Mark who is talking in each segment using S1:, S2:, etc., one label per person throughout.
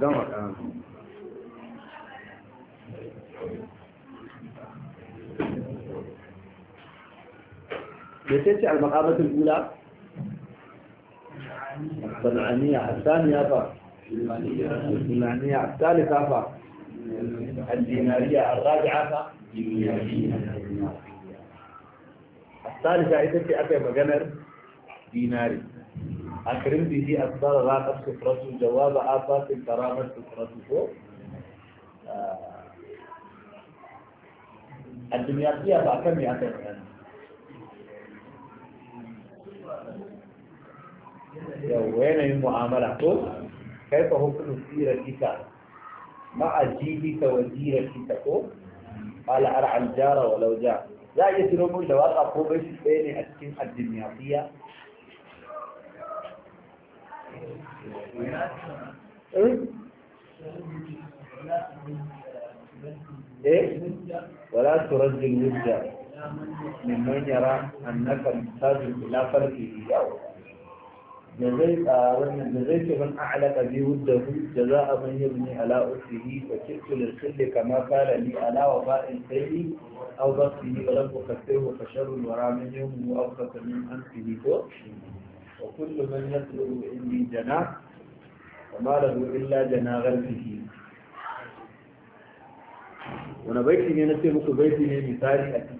S1: قمر
S2: على المقابة الأولى؟ الصنعانية الثانية فا الثالثة الدينارية الرابعة الثالثة إذا أتى مجنر ديناري أكرم به أكثر راقب سفرته جواب آفات الكرامة سفرته آه. الدنياوية بأكم يا
S1: وين المعاملة
S2: كيف هو حكم سيرتك مع جيبك وزيرتك قال أرعى الجار ولو جاء لا يتلومون لو أقوم بشيء بين فيها إيه؟ إيه؟ ولا ترد الودع
S1: ممن يرى
S2: انك محتاج الى فرقه او جزيت من جزيت من اعلق بي وده جزاء من يبني على اسره وكدت للخل كما قال لي على وباء الخيل او بطنه ولم اخفه فشر الورى من يومه اوسط من انفه وكل من يطلب اني جناح وما له إلا جناغ الفيه وانا بيتي نينا سيبك بيتي نينا مثالي أتي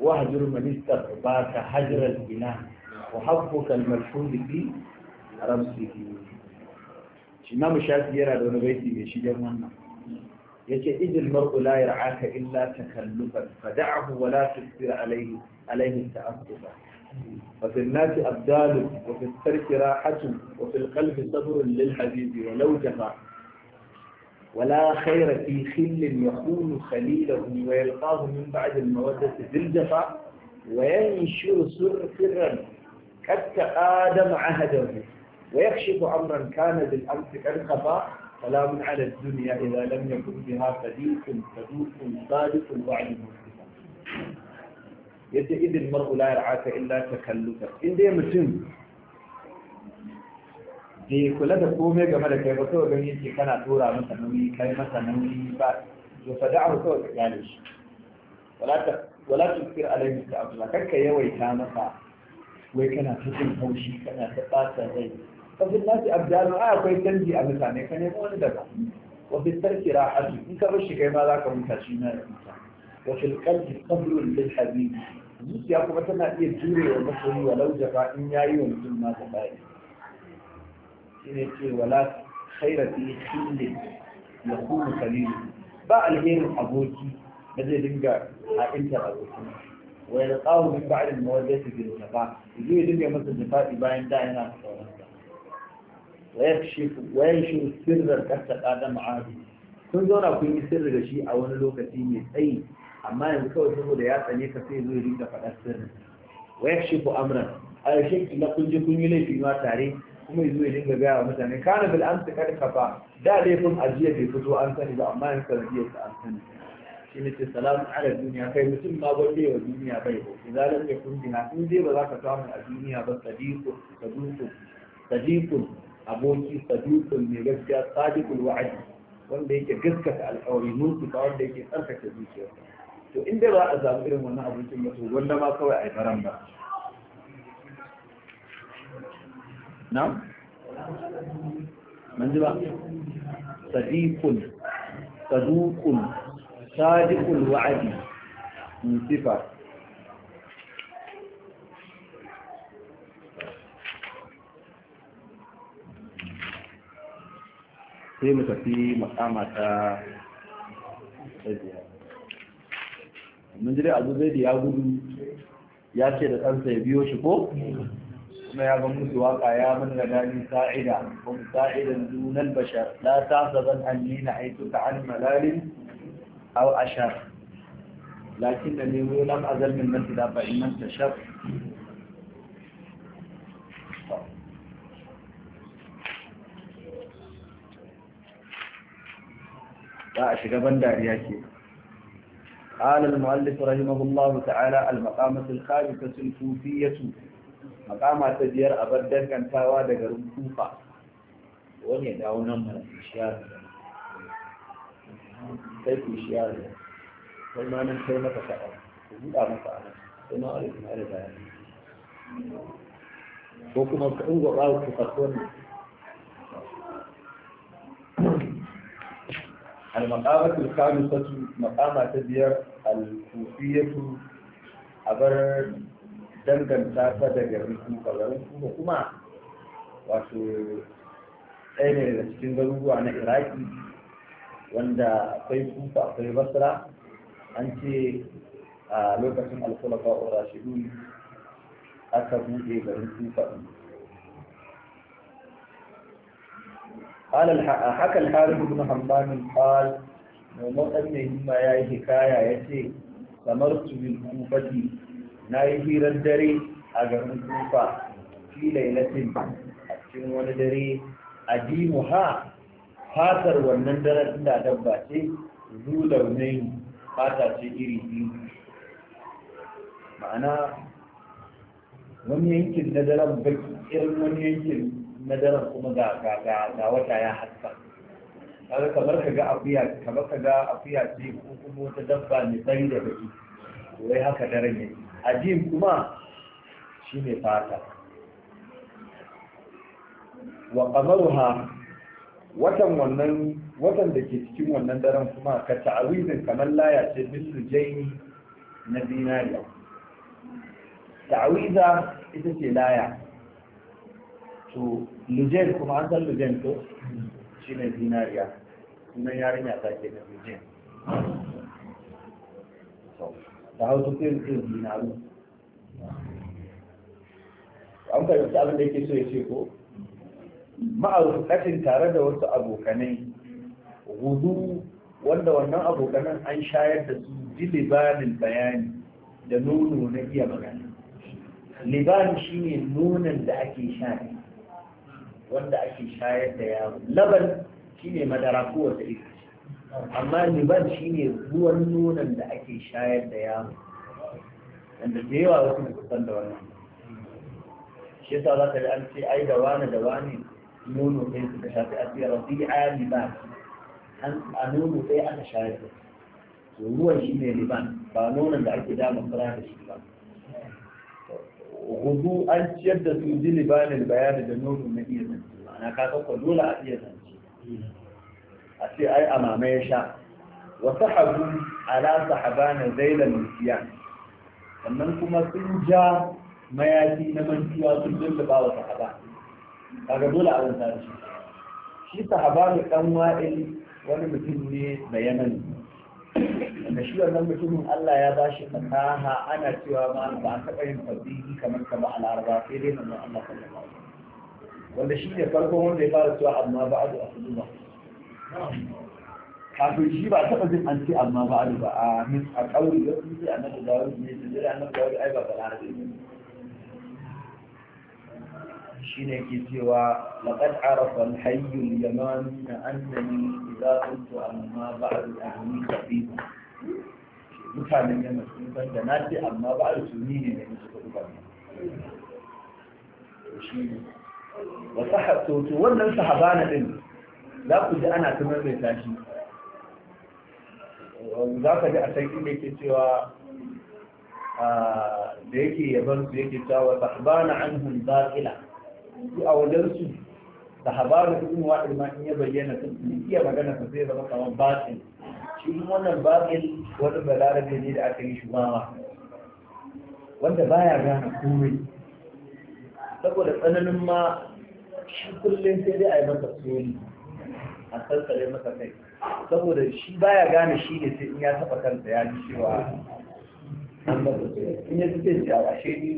S2: وحجر من استرباك حجر البناء وحبك الملحوظ في رمسه شمام شاكي يرى دون بيتي بيشي جرمانا يجي إذ المرء لا يرعاك إلا تخلفا فدعه ولا تكثر عليه عليه التأثبا وفي الناس أبدال وفي الترك راحة وفي القلب صبر للحبيب ولو جفا ولا خير في خل يخون خليله ويلقاه من بعد المودة ذي الجفا وينشر سر سرا حتى آدم عهده ويكشف أمرا كان بالأمس قد خفا سلام على الدنيا إذا لم يكن بها صديق صدوق صادق وعد مصطفى yace idil mar'u la yar'aka illa takalluka in dai mutum bai kula da komai game da kai ba kawai gani yake kana tura masa nauyi kai masa nauyi ba to fa da'ahu kawai ka gane shi wala ta wala tukfir alaihi ta'ala kakka yawaita masa wai kana cikin haushi kana ta ɓata rai kafin nasi abdalu a akwai canji a mutane ka nemi wani daga wafi tarki rahatu in ka bar shi kai ma za ka mutu shi na da mutu wafi kalbi sabrun lil habibi zuciya kuma tana iya jure wa masoyi wa laujafa in ya yi wa mutum na zaɓa'i shi ne ce wala khaira fi khillin ya kuma kalilu ba alherin aboki da zai dinga a intar abokin wa ya tsawo min ba'adin mawaddati bil jafa zai ya dinga masa jafa'i bayan da yana sauransa wa yakshifu wa yakshifu sirran kasta qadama ahli kun zauna kun yi sirri da shi a wani lokaci mai tsayi amma yanzu kawai saboda ya tsane ka sai zo ya rinka faɗar sirri wa yakshifu amran a yaushe kila na je kun yi laifi ma tare kuma yazo ya dinga gaya wa mutane kana bil amsa kada ka fa da laifin ajiya bai fito an sani ba amma yanzu sanadiyar sa an sani shi ne ce salamu ala duniya kai mutum ma gwande wa duniya bai ko idan lam yakun biha in dai ba za ka samu a duniya ba sadiqun aboki sadiqun mai gaskiya sadiqul wa'adi wanda yake gaskata alƙawari mutuka wanda yake tsarkake zuciyarsa to in ba a zaɓi irin wannan abincin ba to wanda ma kawai a yi faran ba na?
S1: manji ba? sadiqun saduqun
S2: sadiqul wa'adi sifa sai mu tafi makama ta biyar mun ji dai abu zai da ya gudu ya ce da ɗansa ya biyo shi ko kuma ya ga musu waka ya mun ga dani sa'ida ko sa'idan dunan bashar la tahsaban anni na'aytuka an malalin aw ashar lakin da ne mu lam azal min man tadafa in man shar ba a shiga ban dariya ke قال المؤلف رحمه الله تعالى المقامة الخامسة الكوفية مقامة تجير أبدا كان تاوى دقر الكوفة وني داونا من الشيار كيف الشيار وما من كلمة شعر لا مسألة وما أعرف ما أعرف ko kuma ka ungo rawu ku المقامة الخامسة مقامة تبير الكوفية عبر دنجن تاسا دجرن كوكا غرن كوكا كما واتو أين لسكين غلوه عن إراكي wanda akwai kufa akwai basra an ce a lokacin alkulaka urashidun aka buɗe garin kufa ɗin haka alharin ibn hammamin hal noman ɗan mai himma yayi hikaya ya ce kamar su bin kufati na yi hirar dare a garin kufa fi lailatin a cikin wani dare adimu ha fatar wannan daren inda dabba ce zu launin fata ce iri biyu ma'ana wani yankin na daren baki irin wani yankin na daren kuma ga ga ga wata ya haska kaga kamar ka ga afiya kamar ka ga afiya ce ko kuma wata dabba mai sai da baki to wai haka daren ne ajin kuma shine fata wa qamaruha watan wannan watan da ke cikin wannan daren kuma ka ta'awizin kamar laya ce bisu jaini na zinariya ta'awiza ita ce laya to lujen kuma an san lujen to shi ne zinariya sunan yarinya ta ke da lujen da su fiye da zinaru an fahimci abin da yake so ya ce ko ma'arufin tare da wasu abokanai wudu wanda wannan abokanan an shayar da su ji libanin bayani da nono na iya magana shi shine nonon da ake shayar wanda ake shayar da yaro laban shine madara ko wata ita amma liban shine ruwan nonon da ake shayar da yaro wanda da yawa wasu ba san da wannan shi yasa za ka ji an ce ai da wani da wani nono ɗaya suka shafi a tsira rabi'a liban a nono ɗaya aka shayar da ruwan shine liban ba nonon da ake dama fara da shi ba hudu an ciyar da su dilibanin bayani da nono na iya zance ma'ana ka kafa dole a iya zance a ce ai a mama ya sha wa sahabu ala sahabana zaila musiyan sannan kuma sun ja mayafi na mantuwa sun lullaba wa sahaba kaga dole a zanta shi shi sahabanu dan wa'il wani mutum ne da yamani da shi wannan mutumin Allah ya ba shi fasaha ana cewa ma ba a taɓa yin tasbihi kamar ka ba a laraba sai dai manzon Allah sallallahu alaihi wasallam wanda shi ne farkon wanda ya fara cewa amma ba'adu a ba kafin shi ba taɓa jin an ce amma ba ba a min a ƙauri da sun ce annabi dawud ne su jira annabi dawud ai ba balarabe ne shi ne ke cewa laqad arafa al-hayy al-yaman annani إذا كنت أما بعد أهمي خفيفا mutanen yana sun san da na ce amma ba a su ni ne ne suka duba ne shi ne wa sahato to wannan sahabana din za ku ji ana ta maimaita shi za ka ji a san inda yake cewa da yake yaban su yake cewa sahabana anhum batila su a wajen su da habaru ibn wa'il ma in ya bayyana sun iya magana sun sai zama kamar batin shi wannan batin wani balarabe ne da aka yi shugawa? wanda baya gane komai saboda tsananin ma shi kullum sai dai a yi masa tsoni a sansare masa kai saboda shi baya gane shi ne sai in ya taɓa kansa ya ji cewa an in ya ji sai a ashe ni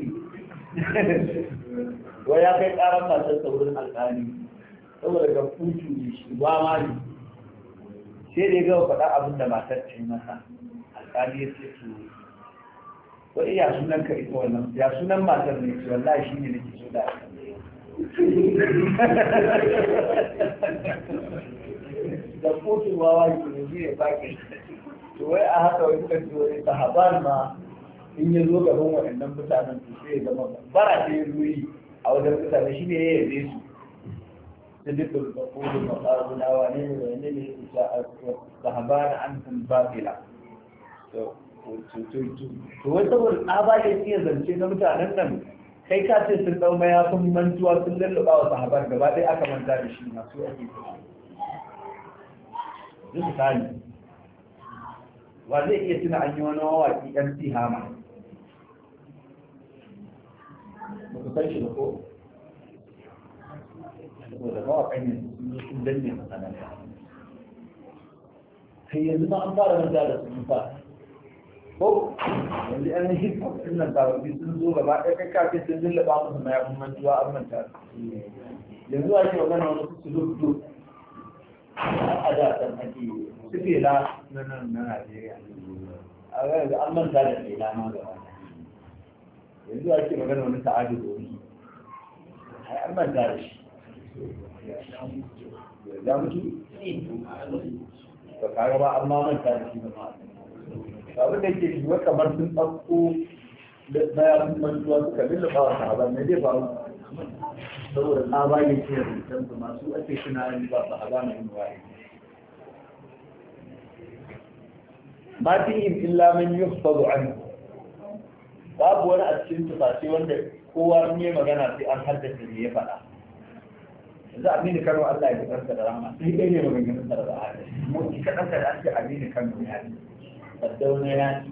S2: ne wa ya kai ƙarar masar wurin alƙali saboda ga kutu ne shi ba ma ne sai dai ga faɗa abin da matar ta yi masa alƙali ya ce to wani ya sunan ka ita wannan ya sunan matar ne ce wallahi shi ne nake so da da kutu wawa ke ne zai baki to wai a haka wani suka wani wai sahaban ma in ya zo gaban waɗannan mutanen to sai ya zama bara ta yi ruyi a wajen mutane shi ne ya yabe su صدق القول مقام الأوانين وإنني تهبان عنهم باطلا to wai saboda tsaba ya iya zance na mutanen nan kai ka ce sun dau mayafin mantuwa sun lallaba wa sahabar gaba ɗaya aka manta da shi masu ake zai tsani wa zai iya tuna an yi wani mawaƙi mc hama
S1: ba ku san shi ba ko saboda
S2: mawaƙan yanzu sun zo sun danne masana'anta kai yanzu ma an fara manta da su ba ko yanzu an yi hip hop din nan sababbi sun zo gaba ɗaya kai kafin sun lullaba musu na yakun mantuwa an manta yanzu ake magana
S1: wani su zo fito
S2: a da san ake su fela na nan na Najeriya a ga yanzu an manta da fela ma gaba yanzu ake magana wani ta'adu domin ai an manta da shi ya mutu ba kaga ba amma manta da shi ba abin da yake shiga kamar sun ɗauko na yaran mantuwa suka lullaba wa sahaban ne zai faru saboda tsaba ne ke rubutan su masu ake suna yin ba sahaba na yin wa'i ma fihim illa man yuhfadu anhu babu wani a cikin tufafi wanda kowa ne magana sai an haddace ne ya faɗa yanzu aminu kano Allah ya fitar da rama sai dai ne maganganun da za a yi mu ita kanka da ake aminu kano ya yi saddauna ya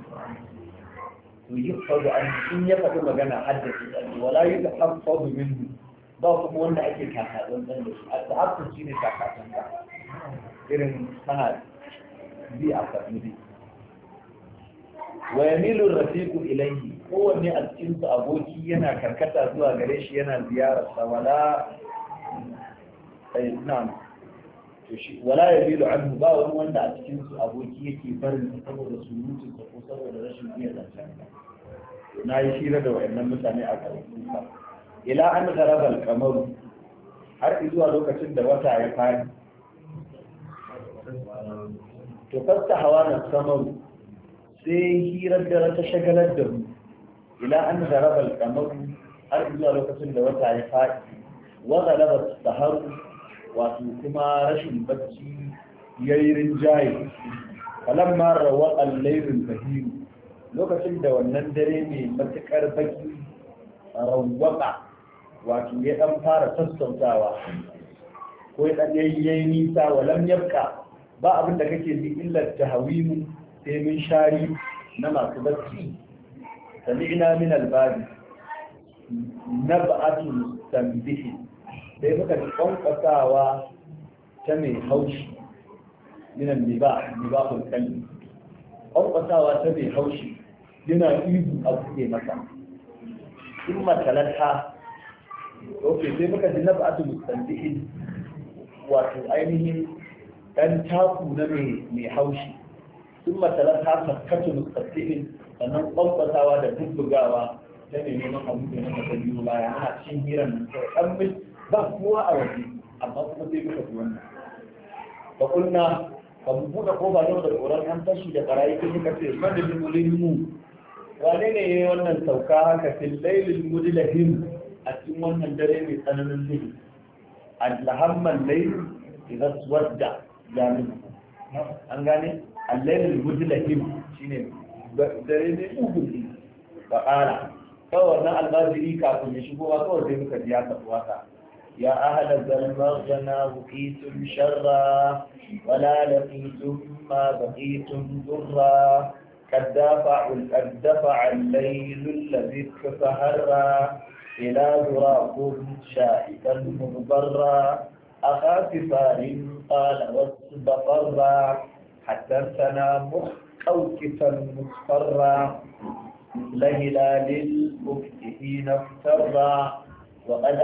S2: yi to yi fadu an in ya faɗi magana haddace tsalli wala yi da haffadu minhu ba kuma wanda ake kakatsan ɗan da shi a ta'afin shi ne kakatsan ka irin sana bi a farmidi wa yamilu rafiqu ilayhi kowanne a cikin aboki yana karkata zuwa gare shi yana ziyarar sa wala ai na'am to shi wala yabilu anhu ba wani wanda a cikin su aboki yake barin sa saboda surutun sa ko saboda rashin iya zancen sa na yi hira da wayannan mutane a karatu sa ila an garaba al-qamaru har zuwa lokacin da wata ya fadi to fasta hawa na samaru sai hirar dare ta shagalar da mu ila an garaba al-qamaru har zuwa lokacin da wata ya fadi wa galaba saharu wato kuma rashin bacci yayi rinjaye falamma rawa al-laylul fahimu. lokacin da wannan dare mai matuƙar baki rawwaka wato ya ɗan fara sassautawa ko ya dan yayi nisa walam yabka ba abin da kake ji illa tahwimu sai mun shari na masu bacci ina min al-badi nab'atu mustanbihin sai muka ci kwankwasawa ta mai haushi minan niba nibahul kalbi kwankwasawa ta mai haushi yana ihu a buɗe masa in matalata ok sai muka ji na ba'atu mustandihin wato ainihin dan taku na mai haushi sun matalata sakkatu mustandihin sannan kwankwasawa da bubbugawa ta mai neman abu da na biyu baya ana cin hiran ɗan ba kowa a waje amma kuma sai muka fi wannan ba kunna ba mu buɗe ko ba da tsoron an tashi da barayi kun muka ce madadin mulimu wane ne ya yi wannan sauka haka fil lailin mudlahim a cikin wannan dare mai tsananin duhu alhamman lail idan wadda jamin an gane allailin mudlahim shine dare ne ugu ba ƙara kawai wannan albaziri kafin ya shigo ba kawai sai muka biya ka wasa يا أهل ذا ما بقيتم شرا ولا لقيتم ما بقيتم ضرا قد دفع قد دفع الليل الذي فهرا إلى ذراكم شاهدا مضطرا أخاف فار قال واصب قرا حتى ثنا مخوكفا مصفرا مثل هلال افترا وقد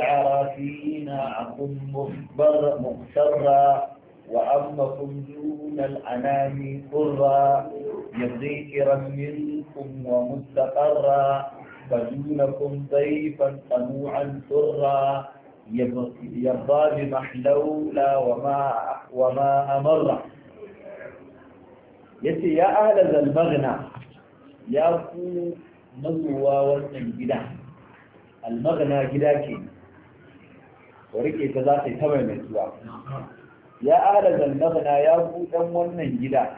S2: فينا عقم مخبر مغترا وعمكم دون الأنام قرا يذكرا منكم ومستقرا فدونكم ضيفا طموعا سرا يرضى بمحلولا وما وما أمر يتي يا أهل ذا المغنى يا أخو مزوى والسجدان almagana gida ke wa rike ta za ta yi mai zuwa ya ala zalmagana ya ku dan wannan gida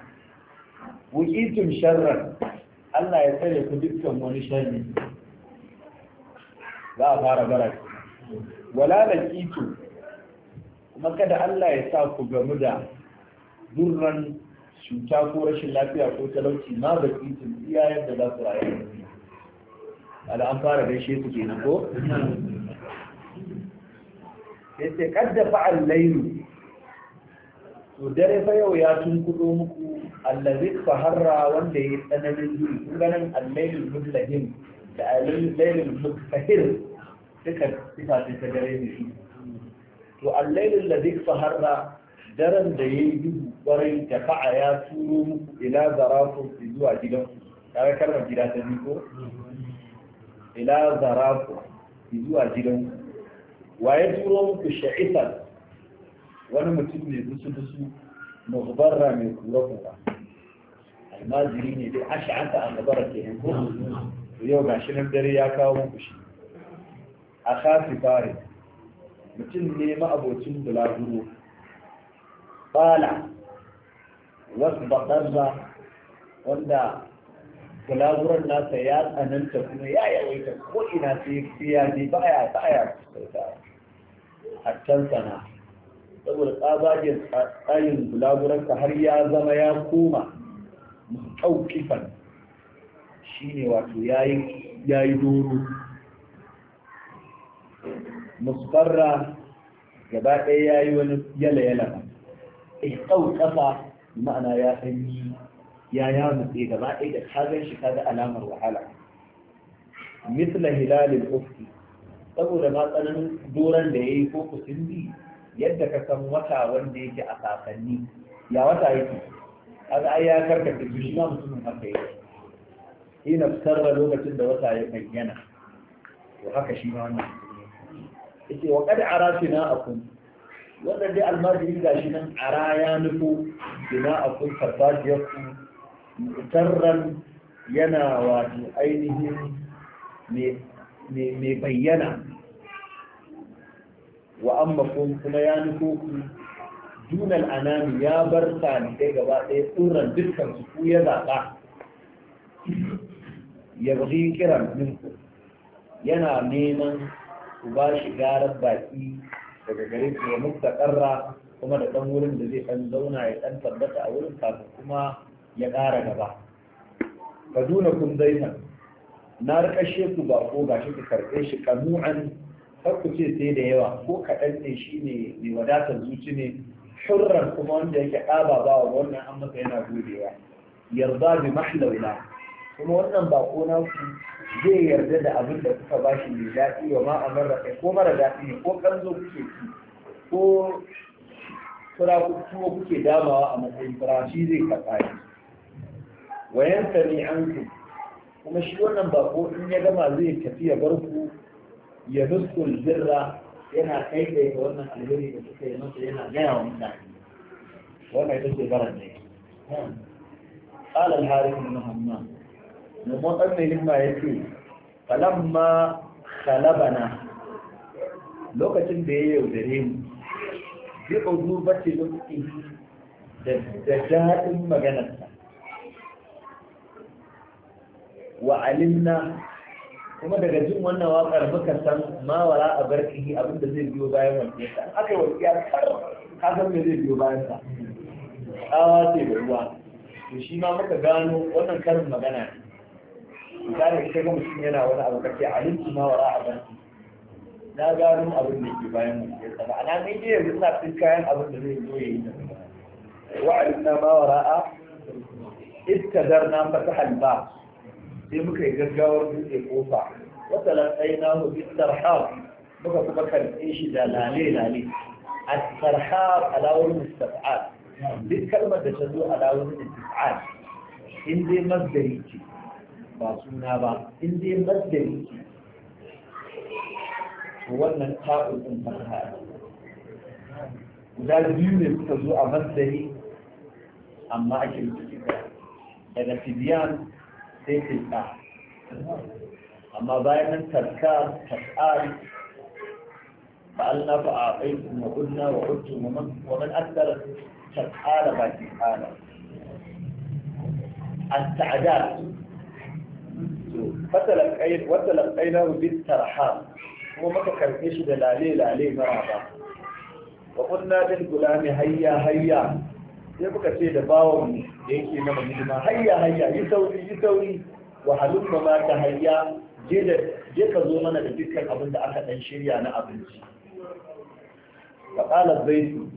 S2: wukitun sharran Allah ya tsare ku dukkan wani sharri za a fara bara wala laqitu kuma kada Allah ya sa ku gamu da durran cuta ko rashin lafiya ko talauci ma baqitu iya yadda za ku rayu ala an fara gaishe su kenan ko yace kadda fa'al laylu to dare fa yau ya tunkudo muku allazi faharra wanda ya tsananin duhu kun ganin al-laylul da al-laylul suka duka ta dare ne to al-laylul ladhi faharra daren da ya yi duhu kwarai da fa'a ya turo muku ila su zuwa gidanku kaga kalmar gida ta biyu ko ila zarafu zuwa gidan wa ya turo muku sha'ifan wani mutum ne dusu-dusu muhbarra mai kura-kura almajiri ne dai asha'anta a gabara ke ku. yau ga shi nan dare ya kawo muku shi a kafi fare mutum ne ma'abocin bulaguro bala wasu baɗarra wanda kalaburan nasa ya tsananta kuma ya yawaita ko ina sai ya ne baya baya kusurta a can sana saboda tsabagen tsayin kalaburan ka har ya zama ya koma mutaukifan shi ne wato ya yi doro musfarra gaba ɗaya ya yi wani yala-yala ba ƙau ƙasa ma'ana ya sanyi ya ya mutse gaba ɗaya da ka gan shi ka ga alamar wahala misla hilalin ufki saboda ma tsananin doron da ya yi ko kusurbi yadda ka san wata wanda yake a kakanni ya wata yake kaga ai ya karkata su shi ma mutumin haka yake ina sarra lokacin da wata ya bayyana to haka shi ma wannan yace wa qad arafina akum wannan dai almajiri gashi nan ara ya nufo bina akum farfajiyar ku mutarran yana wato ainihin mai bayyana wa kuma ya nufo ku dunal anami ya bar talibai gaba ɗaya tsoron dukkan su ku ya zaɓa ya bari kiran ninku yana neman ku ba shi garar baƙi daga gare ku ya mutu kuma da ɗan wurin da zai ɗan zauna ya ɗan tabbata a wurin kafin kuma ya ƙara gaba kaduna kun zainab na rikashe ku ba ko ga shi ka karɓe shi kanu'an har ku ce sai da yawa ko kaɗan ne shi ne mai wadatar zuci ne hurran kuma wanda yake ɗaba ba wa wannan an masa yana godewa yarda bi mahlawila kuma wannan ba ko na ku zai yarda da abin da kuka ba shi mai daɗi wa ma amarra kai ko mara daɗi ne ko kanzo kuke ki ko fura kuke damawa a matsayin fura shi zai karɓa wayan sani an kuma shi wannan bako in ya gama zai tafi ya bar ku ya nuskul zirra yana kai da ga wannan alheri da suka yi masa yana gaya wa mutane wannan ita ce baran ne قال الحارث بن همام نمطن لما يكي فلما خلبنا Lokacin da ya yaudare mu zai uzu bace lokaci da daɗin maganarsa wa alimna kuma daga jin wannan waƙar muka san ma wara a barkihi abinda zai biyo bayan wasiyarsa aka yi wasiya kar ka san me zai biyo bayan sa tsawa ce da ruwa to shi ma muka gano wannan karin magana ne misali kai ga mutum yana wani abu kake alimci ma wara a barki na gano abin da ke bayan wasiyarsa ma'ana ni dai yanzu ina cikin kayan abin da zai zo ya da wa'alimna ma wara'a ittadarna fatahal ba sai muka yi gaggawar dutse kofa wata lantsai na hudu sarhar muka kuma karɓe shi da lalai-lalai a sarhar alawar mustafa'al duk kalmar da ta zo alawar mustafa'al in dai mazdari ce ba suna ba in dai mazdari ce wannan taurin din sarhar guda biyu ne suka zo a mazdari amma ake rubuta daga tibiyan sai tilka amma bayan nan tarka taf'al fa'alna fa'a'aitum wa qulna wa qultum wa man akthara taf'al ba tilkala السعداء وتلقيناه بالترحاب وما كرتيش دلالي لعليه مرحبا وقلنا للغلام هيا هيا sai kuka ce da bawan da yake na hidima hayya hayya yi sauri yi sauri wa halumma ma ta hayya je ka zo mana da dukkan abin da aka dan shirya na abinci fa qala zaidu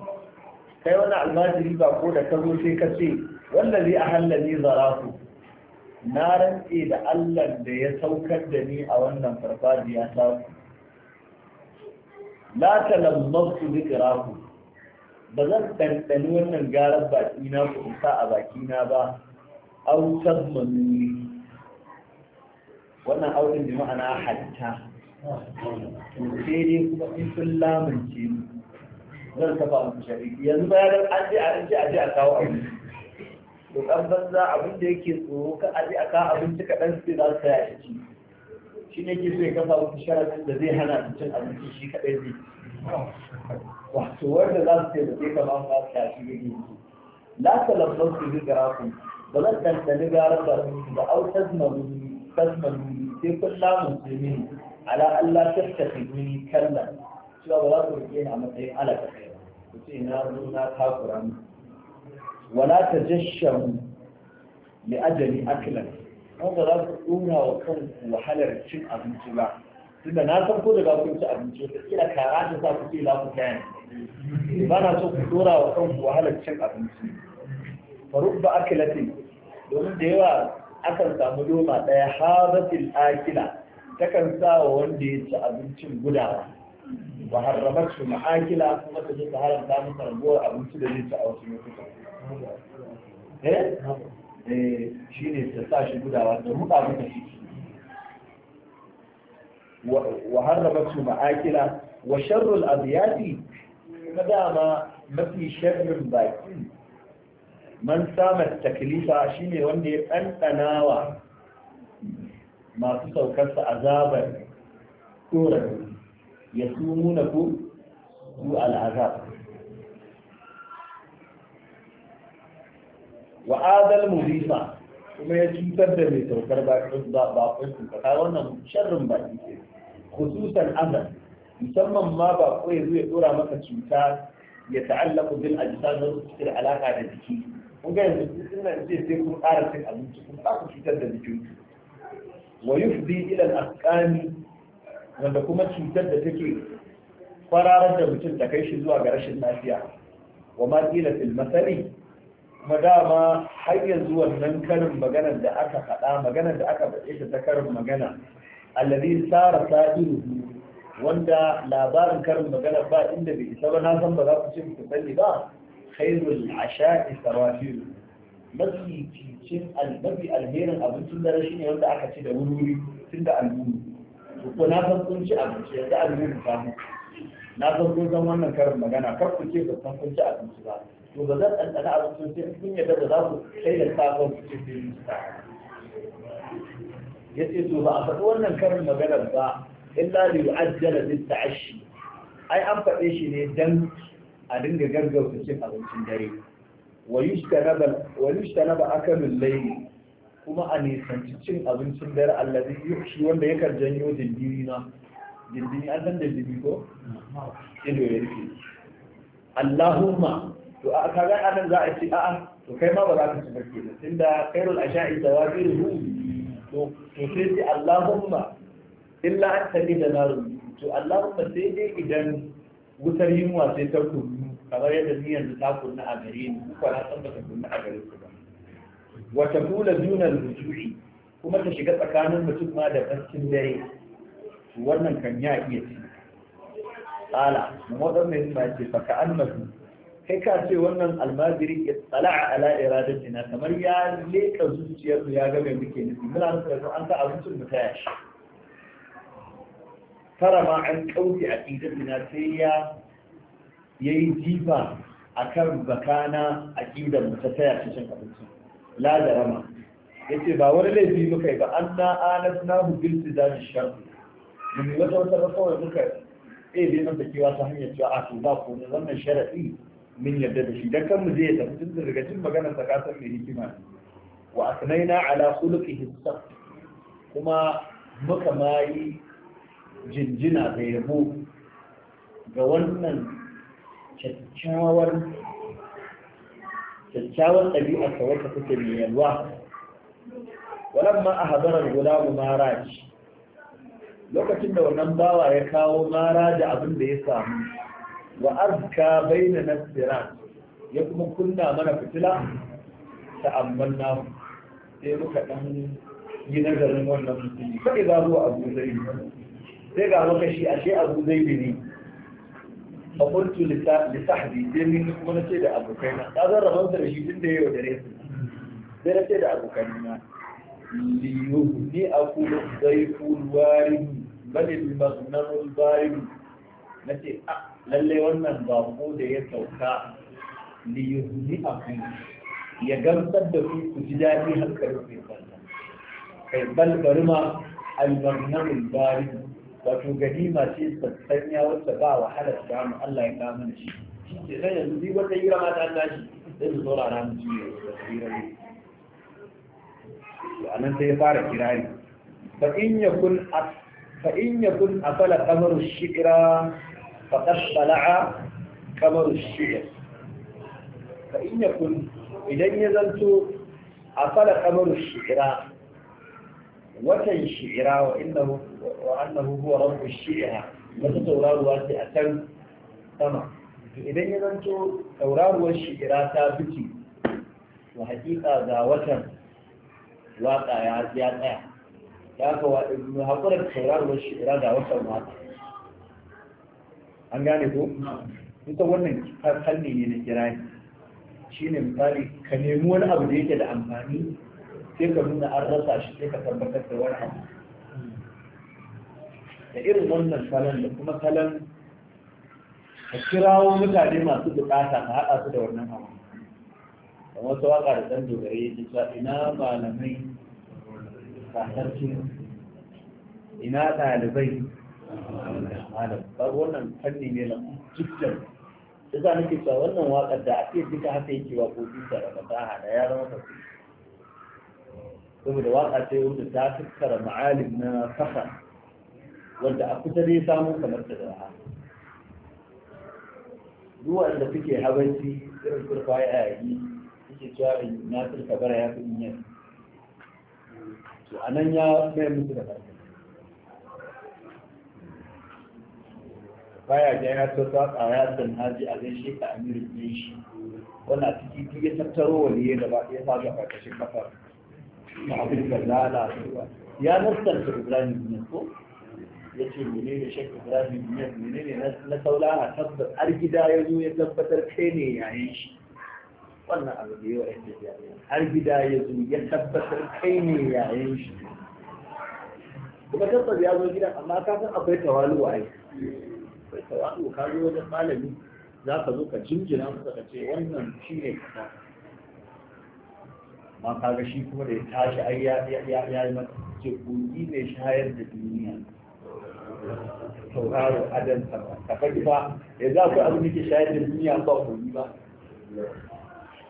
S2: kai wani almajiri ba ko da ka zo sai ka ce a ahallani zarafu na rantse da Allah da ya saukar da ni a wannan farfajiya ta la talammatu dhikrahu ba zan ɗanɗani wannan garar baki na ku sa a baki na ba autar manuri wannan autar da ma'ana hatta
S1: sai
S2: dai kuma in sun lamunce ni zan kafa musu shari'a. yanzu bayan an je an je a je a kawo abu to kan banza abin da yake tsoro ka a je a kawo abinci kaɗan sai za su saya shi shi ne ke so ya kafa musu sharadin da zai hana su cin abinci shi kaɗai zai wato wanda za su taimake ka ba ka tashi gidi su la talabbau su bi garakun ba zan dandani garakar da autas manuni sai kun lamun su ne ala Allah ta tafi ni kallon ba za ku rike a matsayin alaka kai ba ku ce na zo na takura mu wala ta jashamu li ajali aklan ga za ku dora wa kanku wahalar cin abinci ba tunda na san ko da za ku ci abinci ko kira kara ta sa ku ce za ku kayan ba na so ku dora wa ku wahalar cin abinci farubba akilatin domin da yawa akan samu doma ɗaya habatil akila takan sa wa wanda ya ci abincin gudawa wa harramar su ma'akila kuma ta zo ta haramta masa rabuwar abinci da zai ci a wasu lokutan eh eh shine ta sa shi gudawa da muka ta shi وهربت مآكلة وشر الأبيات مدام ما في شر باكين من سام التكليف شيني واني أنت ناوى ما تسو كس عذابا كورا يسومونكم سوء العذاب وآذى المضيفة kuma ya cutar da mai saukar bakin ba ba kun ka wannan sharrin baki ke khususan azan musamman ma ba ko ya zo ya dora maka cuta ya ta'allaku bil ajsad da cikin alaka da jiki kun ga yanzu kun nan ce sai kun ƙara cin abinci kun ba ku cutar da jikin ku wa yufdi ila al wanda kuma cutar da take kwararar da mutum ta kai shi zuwa ga rashin lafiya wa ma qila fil masali kuma dama har yanzu wannan karin maganar da aka faɗa maganar da aka faɗe ta karin magana allazi sara sa'iru wanda labarin karin magana ba inda bai isa ba na san ba za ku ce ku sani ba khairul asha'i sarafiru mafi cikin almabi alherin abincin dare ne wanda aka ci da wuri tun da alburu ko na san kun ci abinci yanzu alburu ta na san kun san wannan karin magana kar ku ce ba san kun ci abinci ba وبدأت أن ألعب في من يبدأ شيء الفاقم في يسيسوا بعض أولنا الكرم ما قلت باع إلا ليعجل للتعشي أي أنت إيش إني دم أدنك جرجة وتسيب على السندري ويجتنب ويجتنب أكل الليل وما أني سنتشين على السندر الذي يخشى وين بيكر جنيو دبينا دبينا أذن دبيكو
S1: نعم.
S2: إنه يريك اللهم to a kaga anan za a ce a'a to kai ma ba za ka ci barke ba tunda khairul asha'i zawafiru to to sai ce Allahumma illa an tabi da naru to Allahumma sai dai idan wutar yunwa sai ta kunnu kamar yadda ni yanzu ta kunna a gare ni ko na san ba ta kunna a gare ku ba wa taqula duna al-rujui kuma ta shiga tsakanin mutum ma da barcin dare wannan kan ya iya ci ala mu wadannan ma ce fa ka annahu kai ka ce wannan almajiri ya tsala'a ala iradatina kamar ya leka zuciyar ya ga mai muke nufi muna nufin an ta abincin mu taya shi tara ma an kauce a ƙidatina sai ya yayi jifa akan bakana aqidar mu ta taya shi cin abincin la darama yace ba wani laifi muka yi ba anna anasnahu bil sidani sharri mun wata wata kawai muka eh bai masa kewa ta hanyar cewa a to ba ko wannan sharadi min yadda da shi dan kan mu je ya tafi tun daga jin maganar sa kasan mai hikima wa asnaina ala khuluqihi kuma muka mayi jinjina da yabo ga wannan kyakkyawar kyakkyawar ɗabi'arsa wacce take mai yalwa walamma a hadarar gulamu maraji lokacin da wannan bawa ya kawo mara da abin da ya samu wa arka baina nasiran ya kuma kunna mana fitila ta amman namu sai muka dan yi nazarin wannan mutumi kai za zuwa abu zaibi sai ga maka shi ashe abu zaibi ne a kuntu lisahbi sai mun kuma na ce da abokai na ta zan rabon da shi tun da yau da resu sai na ce da abokai na
S1: liyuhu
S2: ni a kulu zaifun warin balil magnanin barin na ce a lallai wannan bako da ya sauka li yuzni abu ya gamsar da ku ku ji daɗi hankali mai kwanta kai bal bari ma albarnamul bari wato ganima ce sassanya wacce ba wahalar samu Allah ya kama da shi shi ke zai yanzu bi wata hira ma ta tashi sai su zo rana mu ciye da hira ne to anan sai ya fara kirari fa in yakun fa in yakun afala qamaru shikra فقد طلع قمر الشعر فإن يكن إذا نزلت أطل قمر الشعر وكن شعر وإنه وأنه هو رب الشعر وتتورار واسع أتم سما إذا نزلت تورار والشعر ثابتي وحقيقة ذا وكن واقع يا عزيزي يا ga wa haƙurar sauraron shi irada wata mata an gane ko ita wannan fanni ne na kirayi ne misali ka nemi wani abu da yake da amfani sai ka nuna an rasa shi sai ka tabbatar da wani abu da irin wannan salon da kuma salon ka kirawo mutane masu bukata ka haɗa su da wannan abu da wasu waka da ɗan dogare ya ji ina malamai kasarci ina ɗalibai ba wannan fanni ne na jiddan da za nake cewa wannan waƙar da ake duka haka yake wa ko da fasaha da ya zama fasaha saboda waƙa ce wanda ta tattara ma'alim na fasa wanda a kusa dai samun kamar ta da duk wanda suke habanci irin turfa ya yi suke cewa na turka bara ya fi yin to anan ya mai musu da farko baya ga yana ta tsaka ya san haji a gaishe ka amirin ne shi wannan ciki duk ya tattaro waliye da ba ya sa ga karkashin kafar ba abin da lalacewa ya nastanta ibrahim ne ko ya ce mene ne shek ibrahim ne mene ne na a tabbas har gida ya zo ya tabbatar kai ne yayin shi wannan abu da yawa yake yi. har gida ya zo ya tabbatar kai ne yayin shi kuma tabbas ya zo gidan amma kafin akwai tawalu a yi akwai tawadu ka zo wajen malami za ka zo ka jinjina masa ka ce wannan shi ne kaza ma ka ga shi kuma da ya tashi ai ya ya yi mata ce kogi ne shayar da duniya sauraro adan sama ka faɗi ba ya za ku abin da ke shayar da duniya ba kogi ba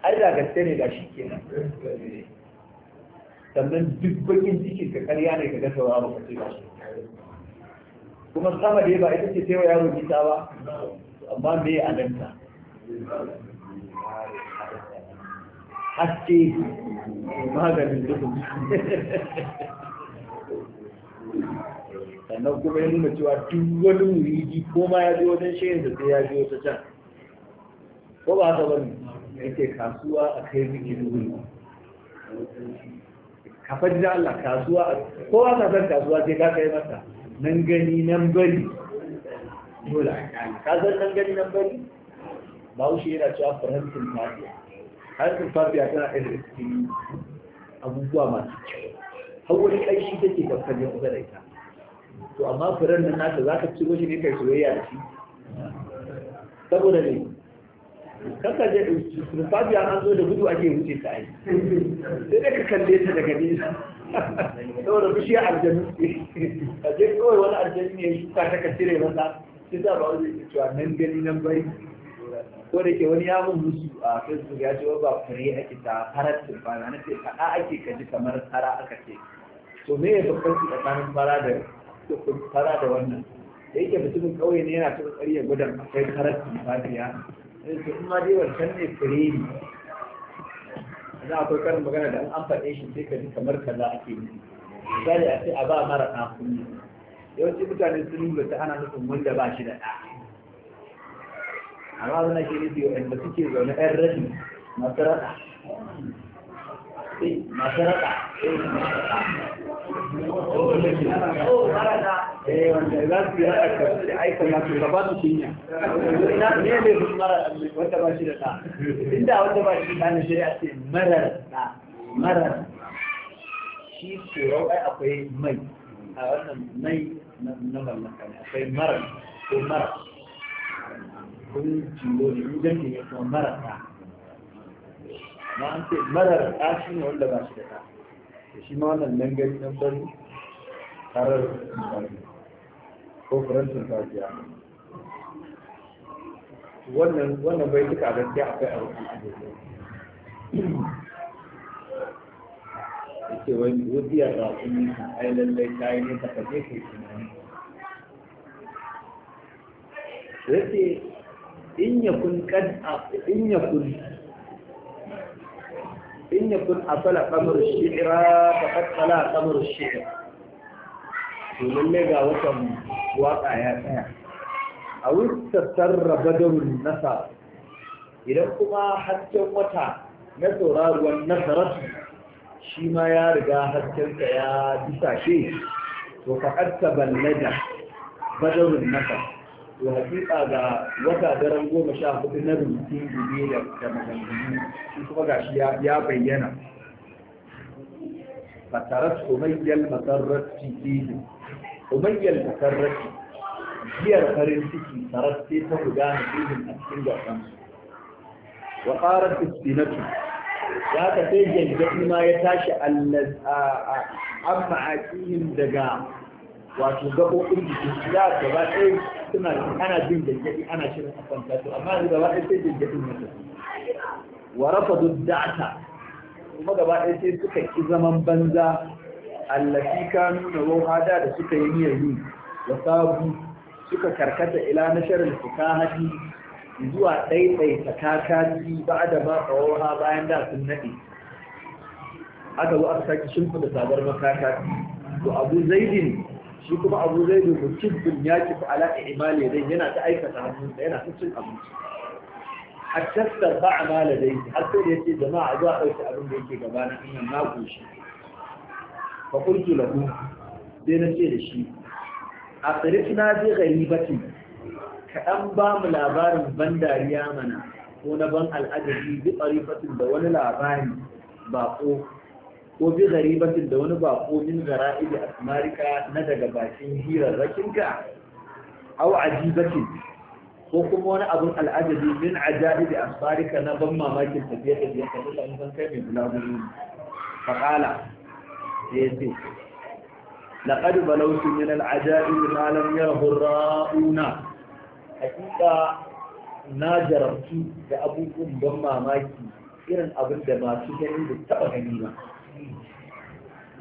S2: ai da gaske ne da shi kenan sannan duk bakin cikin ka karya ne ka ga sauraro ka ce ba shi kuma sama da ba ita ce sai wa yaro bisa ba amma me adanta haske maganin duhu sannan kuma ya nuna cewa duk wani wurigi ko ma ya zo wajen shayin da sai ya je wata can ko ba haka bane yake kasuwa a kai miki duhu ka jiran Allah kasuwa ko ba ka san kasuwa sai ka kai mata nan gani nan bari dole ka san nan gani nan bari ba wuce yana cewa farantin fafiya farantin fafiya tana ɗaya da cikin abubuwa masu kyau har wani ƙarshi take da yin kusa da to amma furen nan nata za ka ciro shi ne kai soyayya da shi saboda ne kasa je rufafiya an zo da gudu ake wuce ta yi sai dai ka kalle ta daga nesa saboda bishiya aljanu ka je kawai wani aljanu ne shuka ta ka cire masa sai za ba wani ke cewa nan gani nan bari ko da ke wani yamun musu a facebook ya ce ba fure ake ta farar tumfana na ce faɗa ake ka ji kamar fara aka ce to me ya babbanci tsakanin fara da fara da wannan da yake mutumin ƙauye ne yana ta tsari ya gudan akwai farar tumfaniya sai eh, in ma dai wancan ne fure ne idan akwai karin magana da an faɗe shi sai ka ji kamar kaza ake yi misali a ce a ba mara ɗan kunya yawanci mutane sun nuna ta ana nufin wanda ba shi da ɗa amma suna ke nufi waɗanda suke zaune ɗan rashi masu raɗa
S1: eh, masu raɗa eh, oh, eh wanda za su yi haɗa ka da ba su kunya ne ne sun
S2: wanda ba shi da ta. inda wanda ba shi da ɗa na shari'a ce marar ɗa marar shi tsoron ai akwai mai a wannan mai na mallaka ne akwai marar ko marar kun cilo ne in jami ne kuma marar ɗa amma an ce marar ɗa shi ne wanda ba shi da ta. shi ma wannan dangane na bari tarar da
S1: ko furancin safiya wannan wannan bai duka a gaskiya akwai a wasu ido
S2: da ke wani wujiyar rakun yi ai lallai ta yi ne ta kaje kai tunani yace in yakun kad in yakun in a asala kamar shi'ira ta kakkala kamar shi'ira to lalle ga watan waƙa ya tsaya a wuce sarra badarun nasa idan kuma hasken wata na sauraruwan nasaratu shi ma ya riga haskensa ya bisashe to faƙar ta da badarun nasa to hakika ga wata daren goma sha hudu na rubutun gube da maganganu shi kuma ga shi ya bayyana fatarat kuma yal masarrat fi umayyar takarraki biyar farin ciki sarasse ta gudana ihin a cikin gaban wa qarat istinatu
S1: ya ka sai gangadi
S2: ma ya tashi allaz amma aqihim daga wato gabobin jikin ya gaba ɗaya suna ana jin gangadi ana shirin a kwanta to amma gaba ɗaya sai gangadin ya tafi wa rafadu da'ata kuma gaba ɗaya sai suka ƙi zaman banza allati kanu na wahada da suka yi niyyar yi wa sabu suka karkata ila na nasharar fukahati zuwa ɗaiɗaita kakaki ba da ba tsawoha bayan da sun naɗe aka zo aka sake shimfiɗa sabar makakaki to abu zaidin shi kuma abu zaidin mutum ya kifi ala imali dai yana ta aikata hannunsa yana ta cin abinci hatta sarfa amala dai har sai da yake jama'a zuwa ɗauki abin da yake gaba na ina na goshi fa qultu lahu sai na ce da shi a tsirifina bi gharibati kaɗan ba mu labarin ban dariya mana ko na ban al'ajabi bi tsarifatin da wani labarin baƙo ko bi garibatin da wani baƙo min da asmarika na daga bakin hirarrakinka au ajibatin ko kuma wani abin al'ajabi min da asmarika na ban mamakin tafiye-tafiye ka duka in san kai mai bulaguro faƙala لقد بلوت من العجائب ما لم يره الراؤون حقيقة ناجر في أبوكم بما ماكي إن أبد ما تجني بالتبهنين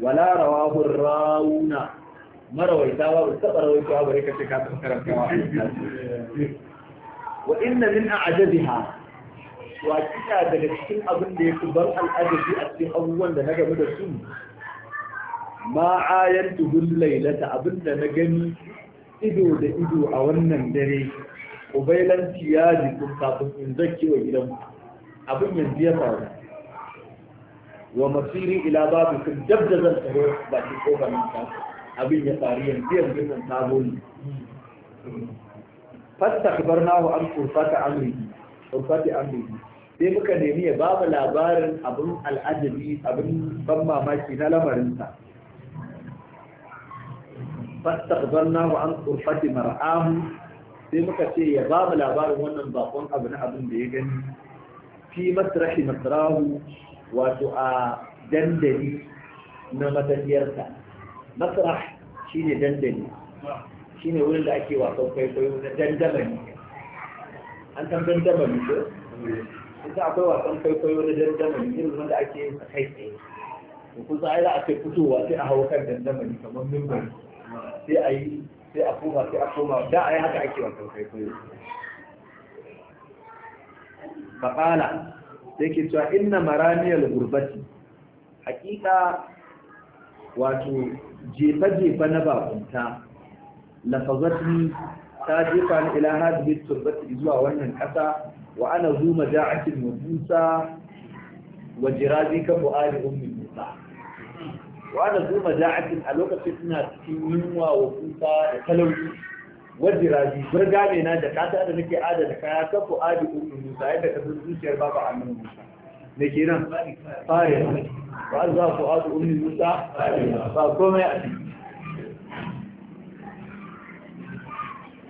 S2: ولا رواه الراؤون ما رويت أبا بالتبه رويت أبا هيك وإن من أعجبها وأكيد هذا الشيء أظن يكبر الأدب في أول لنجم السنة ma ayantu lailata abinda na gani ido da ido a wannan dare ubailanci ya jiku kafin in zake wa gidan abin yanzu ya faru wa masiri ila babu kun dab da zan tsaro ba ki ko ba nan abin ya faru yanzu yanzu zan sabo ne wa an kursata amri kursati amri sai muka nemi ya babu labarin abin al'ajabi abin ban mamaki na lamarinsa فاستقبلناه عن طرفة مرآه في مكتي يباب الأبار ونن باقون أبن أبن بيغن في مسرح مسراه ودعاء دندني نما تديرتا مسرح شين دندني شين ولد أكي واقف كي يقول دندمني أنت دندمني شو؟ إذا أقول واقف كي يقول دندمني إذا ولد أكي حيث وكل ظاهرة أكي فتوة أهو كان دندمني كمان من بني sai a yi sai a koma sai a koma da a yi haka ake wasan kai koyo faƙala sai ke cewa inna maraniyar gurbati hakika wato jefa-jefa na bakunta lafazatni ta jefa ni ila hadhihi turbati zuwa wannan kasa wa ana zuma da'atin musa wa jirazi ka fu'ali ummi musa wanda zu maja'atin a lokacin suna cikin yunwa wa kusa da talauci wadda rabi burga na da kata da nake adana kaya ka ku adi uku musa yadda ka san zuciyar babu annabi musa da ke nan fare ba za ku adi uku musa ba komai a ciki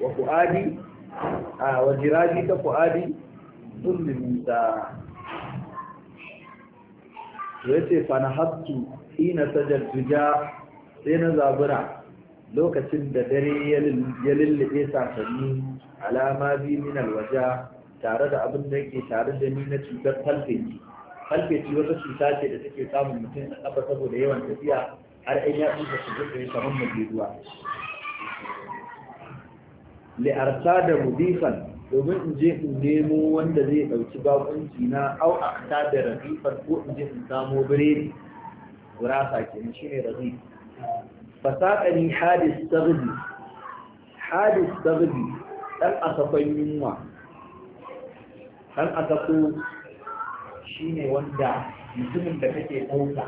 S2: wa ku adi a wa jiraji ta ku adi uku musa yace fa na hattu hina sajar tuja sai na zabura lokacin da dare ya lullube sasanni alama bi min alwaja tare da abin da yake tare da ni na cutar falfeci falfeci wata cuta ce da take samun mutum a kafa saboda yawan tafiya har in ya tsufa su zuɗe kamar mai ruwa li'arta da mudifan domin in je in nemo wanda zai dauki bakunci na au a da rafifar ko in je in samo biredi gurasa kenan ne razi ni hadis taghdi hadis taghdi dan asafan yunwa dan asafo ne wanda mutumin da kake dauka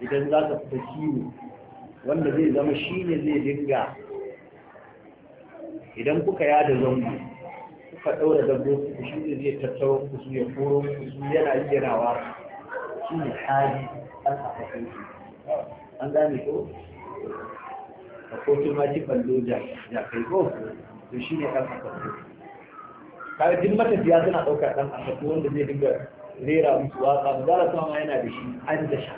S2: idan za ka fita kiwo wanda zai zama shi ne zai dinga idan kuka yada zango kuka daura dabbobi ku shi zai tattaro ku su ya koro ku su yana yi yana wa ne hadis ɗan a an gane ko a kotun ma ci ballo jakai ko to shi ne ɗan a kasan kaga duk matafiya suna ɗaukar ɗan a kasan wanda zai dinga rera musu waƙa ba za a yana da shi an da sha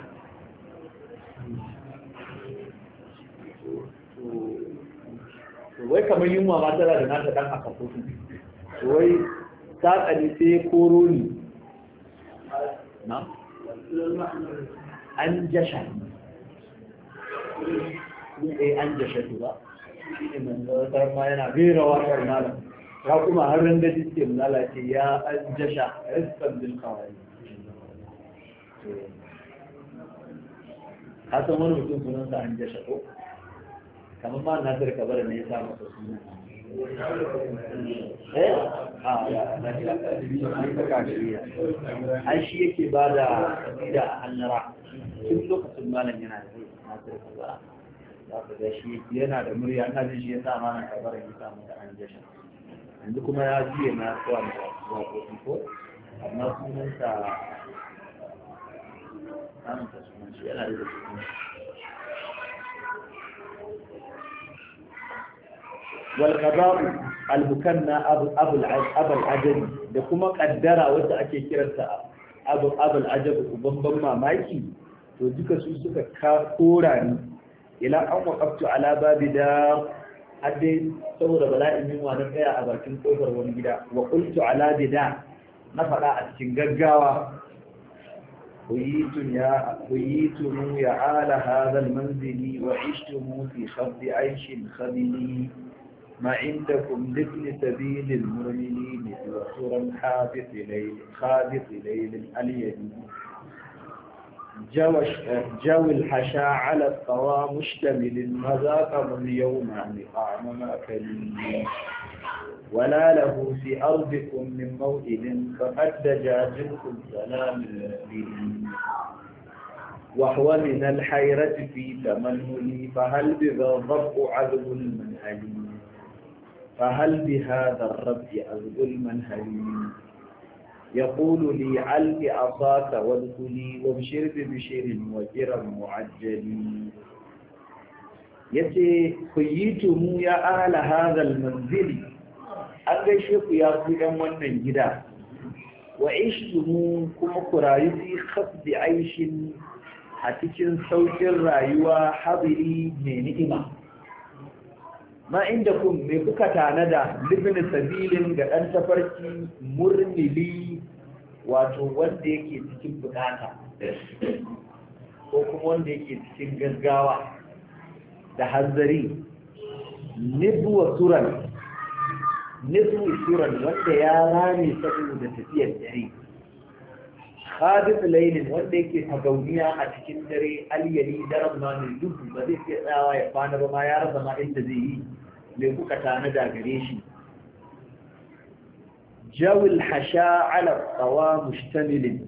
S2: wai kamar yunwa ma tana da nata ɗan a kasan wai saƙa ne sai koro ni na? an jasha ne an jasha ba shi ne manzantar ma yana rera wakar malam ya kuma har ranga jiske lalace ya an jasha rizkan bil kawai ka san wani mutum sunansa an jasha ko kamar ma na zirka bar ne ya sa masa
S1: sunan eh a ah, ya shi yake ba da da hannara
S2: tun lokacin malam yana da nasir kaza za ka ga shi yana da murya ina jin shi ya sa mana kabarin ya samu da an jashin yanzu kuma ya juye na tsawa da wakoki ko amma sunansa samun ta yana da
S1: sunan
S2: والقضاء المكنى أبو, أبو, da kuma ƙaddara wadda ake kiranta abu abul ajab ubanban mamaki to duka su suka kora ni ila an waqaftu ala babi da hadde saboda bala'in yunwa na tsaya a bakin kofar wani gida wa qultu ala na faɗa a cikin gaggawa huyitun ya huyitun ya ala hadha almanzili wa ishtumu fi khabdi aishin khabili ما عندكم لابن سبيل المؤمنين وسورا خابط ليل خابط ليل اليد جو جو الحشا على الطوى مشتمل مذاق اليوم عن طعم مأكل ولا له في أرضكم من موئل فقد دجاجلكم سلام المؤمنين وهو من الحيرة في تمنه فهل بذا الضبع عذب المنهلين فهل بهذا الرب الربع الظلما هلين يقول لي علق عصاك والقني وبشر ببشر وجرا معجلي يتي خيتم يا اهل هذا المنزل أكشف يا ان wannan gida wa ishtumu kuma kurayi fi khasb aishin a cikin saukin rayuwa ma inda kun me kuka tana da libin sabilin ga ɗan tafarki murnili wato wanda yake cikin bukata ko kuma wanda yake cikin gaggawa da hanzari nibuwa turan nibu turan wanda ya rame saboda tafiyar dare خادم لين وندي كي تغونيا اتكين دري علي يلي درما من دب بدي كي تاوا يبان بما يار بما انت زي لي كو كتانا داغريشي جو الحشاء على القوا مشتمل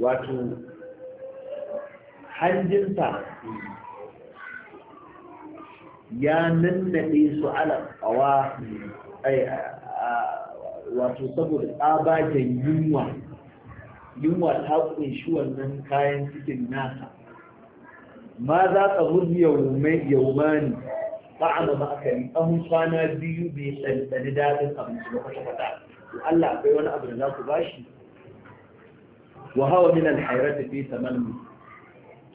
S2: واتو حنجنتا يا من نبي سؤال قوا اي آه، آه، واتو صبر ابا جنوا yunwa ta kunshi wannan kayan cikin nasa ma za ka hurbi yaumani ba'ama yi an kwana biyu bai ɗanɗani daɗin abinci ba kwata-kwata Allah akwai wani abu da za ku bashi wa hawa min alhairati fi tamanni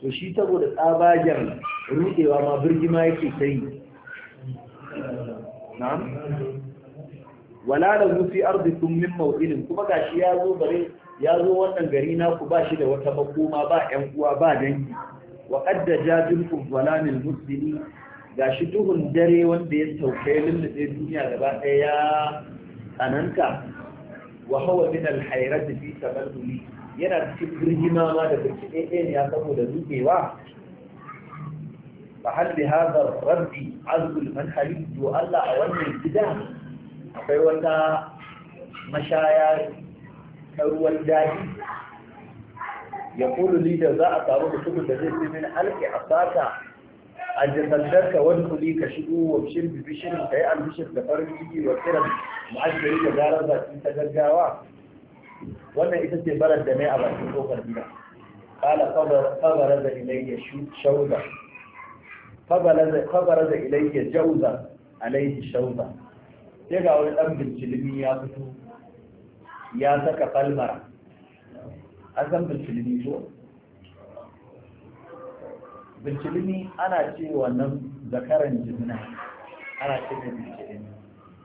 S2: to shi saboda tsabagen rudewa ma birgima yake sai na'am wala lahu fi ardikum min maw'ilin kuma gashi ya zo bare ya zo wannan gari naku ba shi da wata makoma ba ‘yan uwa ba dangi wa ƙadda jajin kumfalanin muslimi ga shi duhun dare wanda ya sauke lulluɗe duniya gaba ɗaya ya tsananta wa hawa min al da fi tabbatuli yana cikin birgima ma da birki ɗaya ne ya saboda zubewa فهل لهذا do allah a wannan gida akwai wata mashaya. na ruwan daji ya kulu ni da za a samu mutumin da zai fi min alƙi a sata a jisandarka wani kuli ka shigo wa shirin bibishirin ka yi albishir da farin ciki wa kiran ma'ajiyar da zarar zafi ta gaggawa wannan ita ce barar da mai a bakin kofar gida kala fabara da ilayya shauza fabara da ilayya jauza alaihi shauza sai ga wani ɗan bincilimi ya fito ya saka falmara an san bincilini ko bincilini ana ce wannan zakaran jimina ana ce da bincilini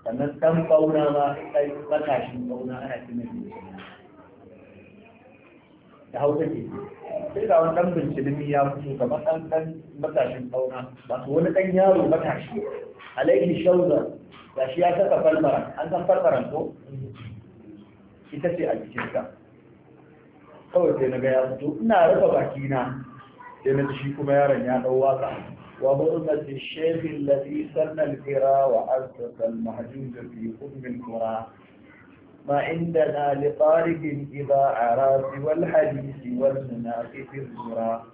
S2: sannan ɗan fauna ma sai matashin fauna ana ce mai bincilini da hausa ke sai ga wani ɗan bincilini ya fito ga ɗan matashin matashin ba wato wani ɗan yaro matashi alaihi shauzar gashi ya saka falmara an san falmaran ko ita ce a jikinsa kawai sai na ga ya fito ina rufe bakina sai na shi kuma yaron ya dau waka wa hurmat ash-shaykh alladhi sanna al-qira wa asdaq al-mahjuz fi qutb al-qura ما عندنا لطارق إذا عراس والحديث والمناقف الزرا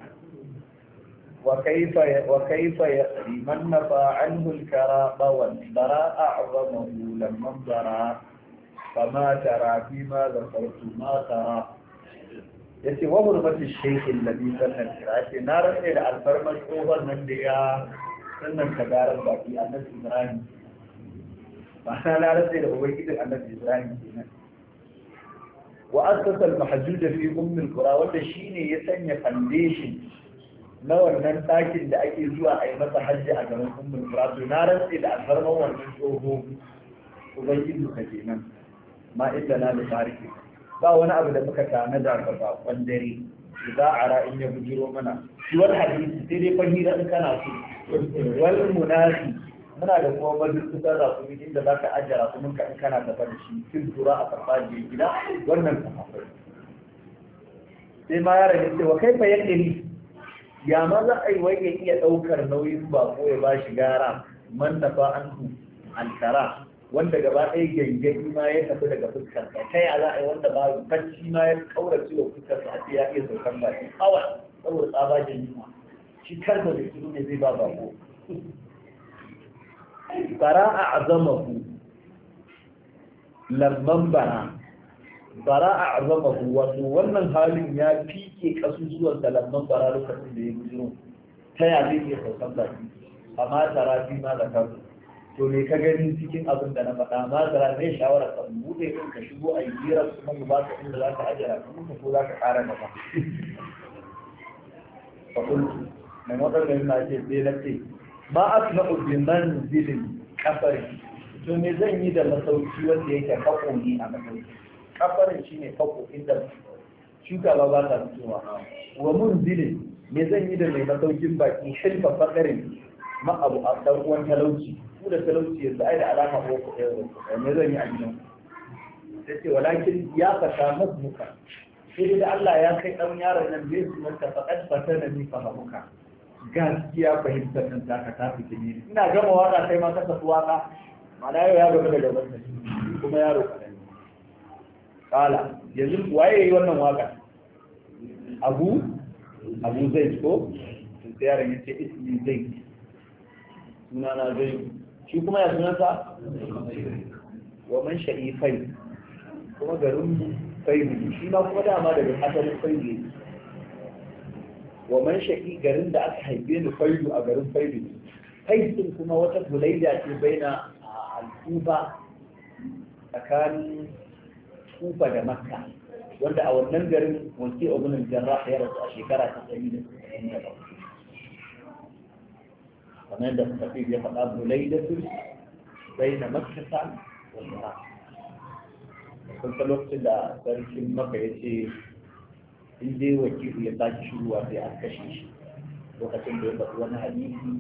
S2: وكيف وكيف يأتي من نفى عنه الكراء والبراء أعظمه لما انضرى فما ترى فيما ذكرت ما ya yace wa da shaykh alladhi sanna yace na rantsa da alfarmar tsohon nan da ya sannan ka garan baki annabi Ibrahim ba na rantsa da ubangijin annabi Ibrahim kenan wa asasa al-mahjud fi umm al-qura wanda shine ya sanya foundation na wannan ɗakin da ake zuwa a yi masa hajji a garin umm al-qura to na rantsa da alfarmar wannan tsoho ubangijin ka nan. ma inda na lifariki ba wani abu da muka tana da bakon dare za a ra in ya bujiro mana shi wani hadisi sai dai fahira in kana su wal munafi muna da kuma majalisar da yi inda za ka ajiye rakumin ka in kana tafar da shi kin zura a farfajiyar gida wannan ta akwai sai ma ya rage "wa kai fa ni ya ma za a yi wai ya iya ɗaukar nauyin bako ya ba shi gara man nafa an alkara wanda gaba ɗaya gengeni ma ya tafi daga fuskar sa ta yaya za a yi wanda ba kanci ma ya kaura ciwo fuskar sa a ya iya saukan ba shi awa saboda tsabagen yunwa shi karba da shi ne zai ba bako bara a azamahu lamban bara bara a azamahu wato wannan halin ya fike kasusuwan da lamban bara lokacin da ya bujiro ta yaya zai iya saukan ba amma tara fi ma da kansu to me ka gani cikin abin da na faɗa ma zara zai shawara ka bude kan ka shigo a yi jira su kuma ba ka inda za ka ajiyar ka mutu ko za ka ƙara gaba fa kultu mai matsalar na ce sai na ce ma asna man zilin kafari to me zan yi da masauki wanda yake kako ni a masauki kafarin ne kako inda shuka ba ba ta fitowa wa mun zilin me zan yi da mai masaukin baki shirfa fakarin ma abu a ɗan uwan talauci ku da talauci yanzu ai da alama ko ko me zan yi a gidan sai ce walakin ya fata mazmuka sai da Allah ya kai ɗan yaron nan bai su manta faɗaɗ fata da ni gaskiya fahimtar nan ta ka ta fita ne ina gama waƙa kai ma kasa waƙa ma'ana yau ya gaba da gaban ta kuma yaro kala yanzu waye yi wannan waka abu abu zai ko sai yaron ya ce ismi zai sunana zai shi kuma ya sunansa wa man sha'ifai kuma garin faidu shi ma kuma dama daga asalin faidu ne wa man sha'i garin da aka haife ni faidu a garin faidu ne faidin kuma wata bulaida ce baina al'uba tsakanin kufa da makka wanda a wannan garin wanke ibn jarrah ya rasu a shekara ta da 197 kamar yadda kafir ya faɗa bulaidatul baina makkah wal iraq kun ta lokacin da sarkin maka ya ce in dai wakili ya sake shiruwa sai an kashe shi lokacin da ya faɗi wani hadisi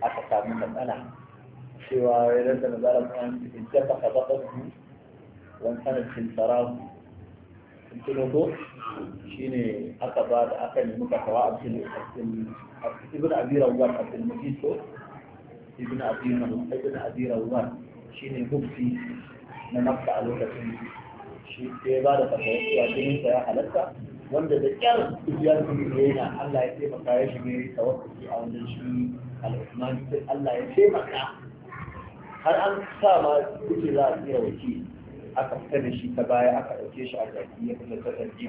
S2: aka samu matsala cewa ya rasa nazarar kan in jaka ka su wani sanar cin tsara tuno shine aka ba da aka nemi fatawa abdul ibn abi rawwan abdul mufid ko ibn abi ibn abi rawwan shine mufti na makka a lokacin shi ke ba da fatawa cewa jinin sa ya halatta wanda da kyar ibiyar kuma yana Allah ya taimaka ya shige tawakkuli a wannan shi al-Uthmani sai Allah ya taimaka har an sa ma kuce za a tsira wakili aka fita da shi ta baya aka ɗauke shi a gari ya fita ta ɗarki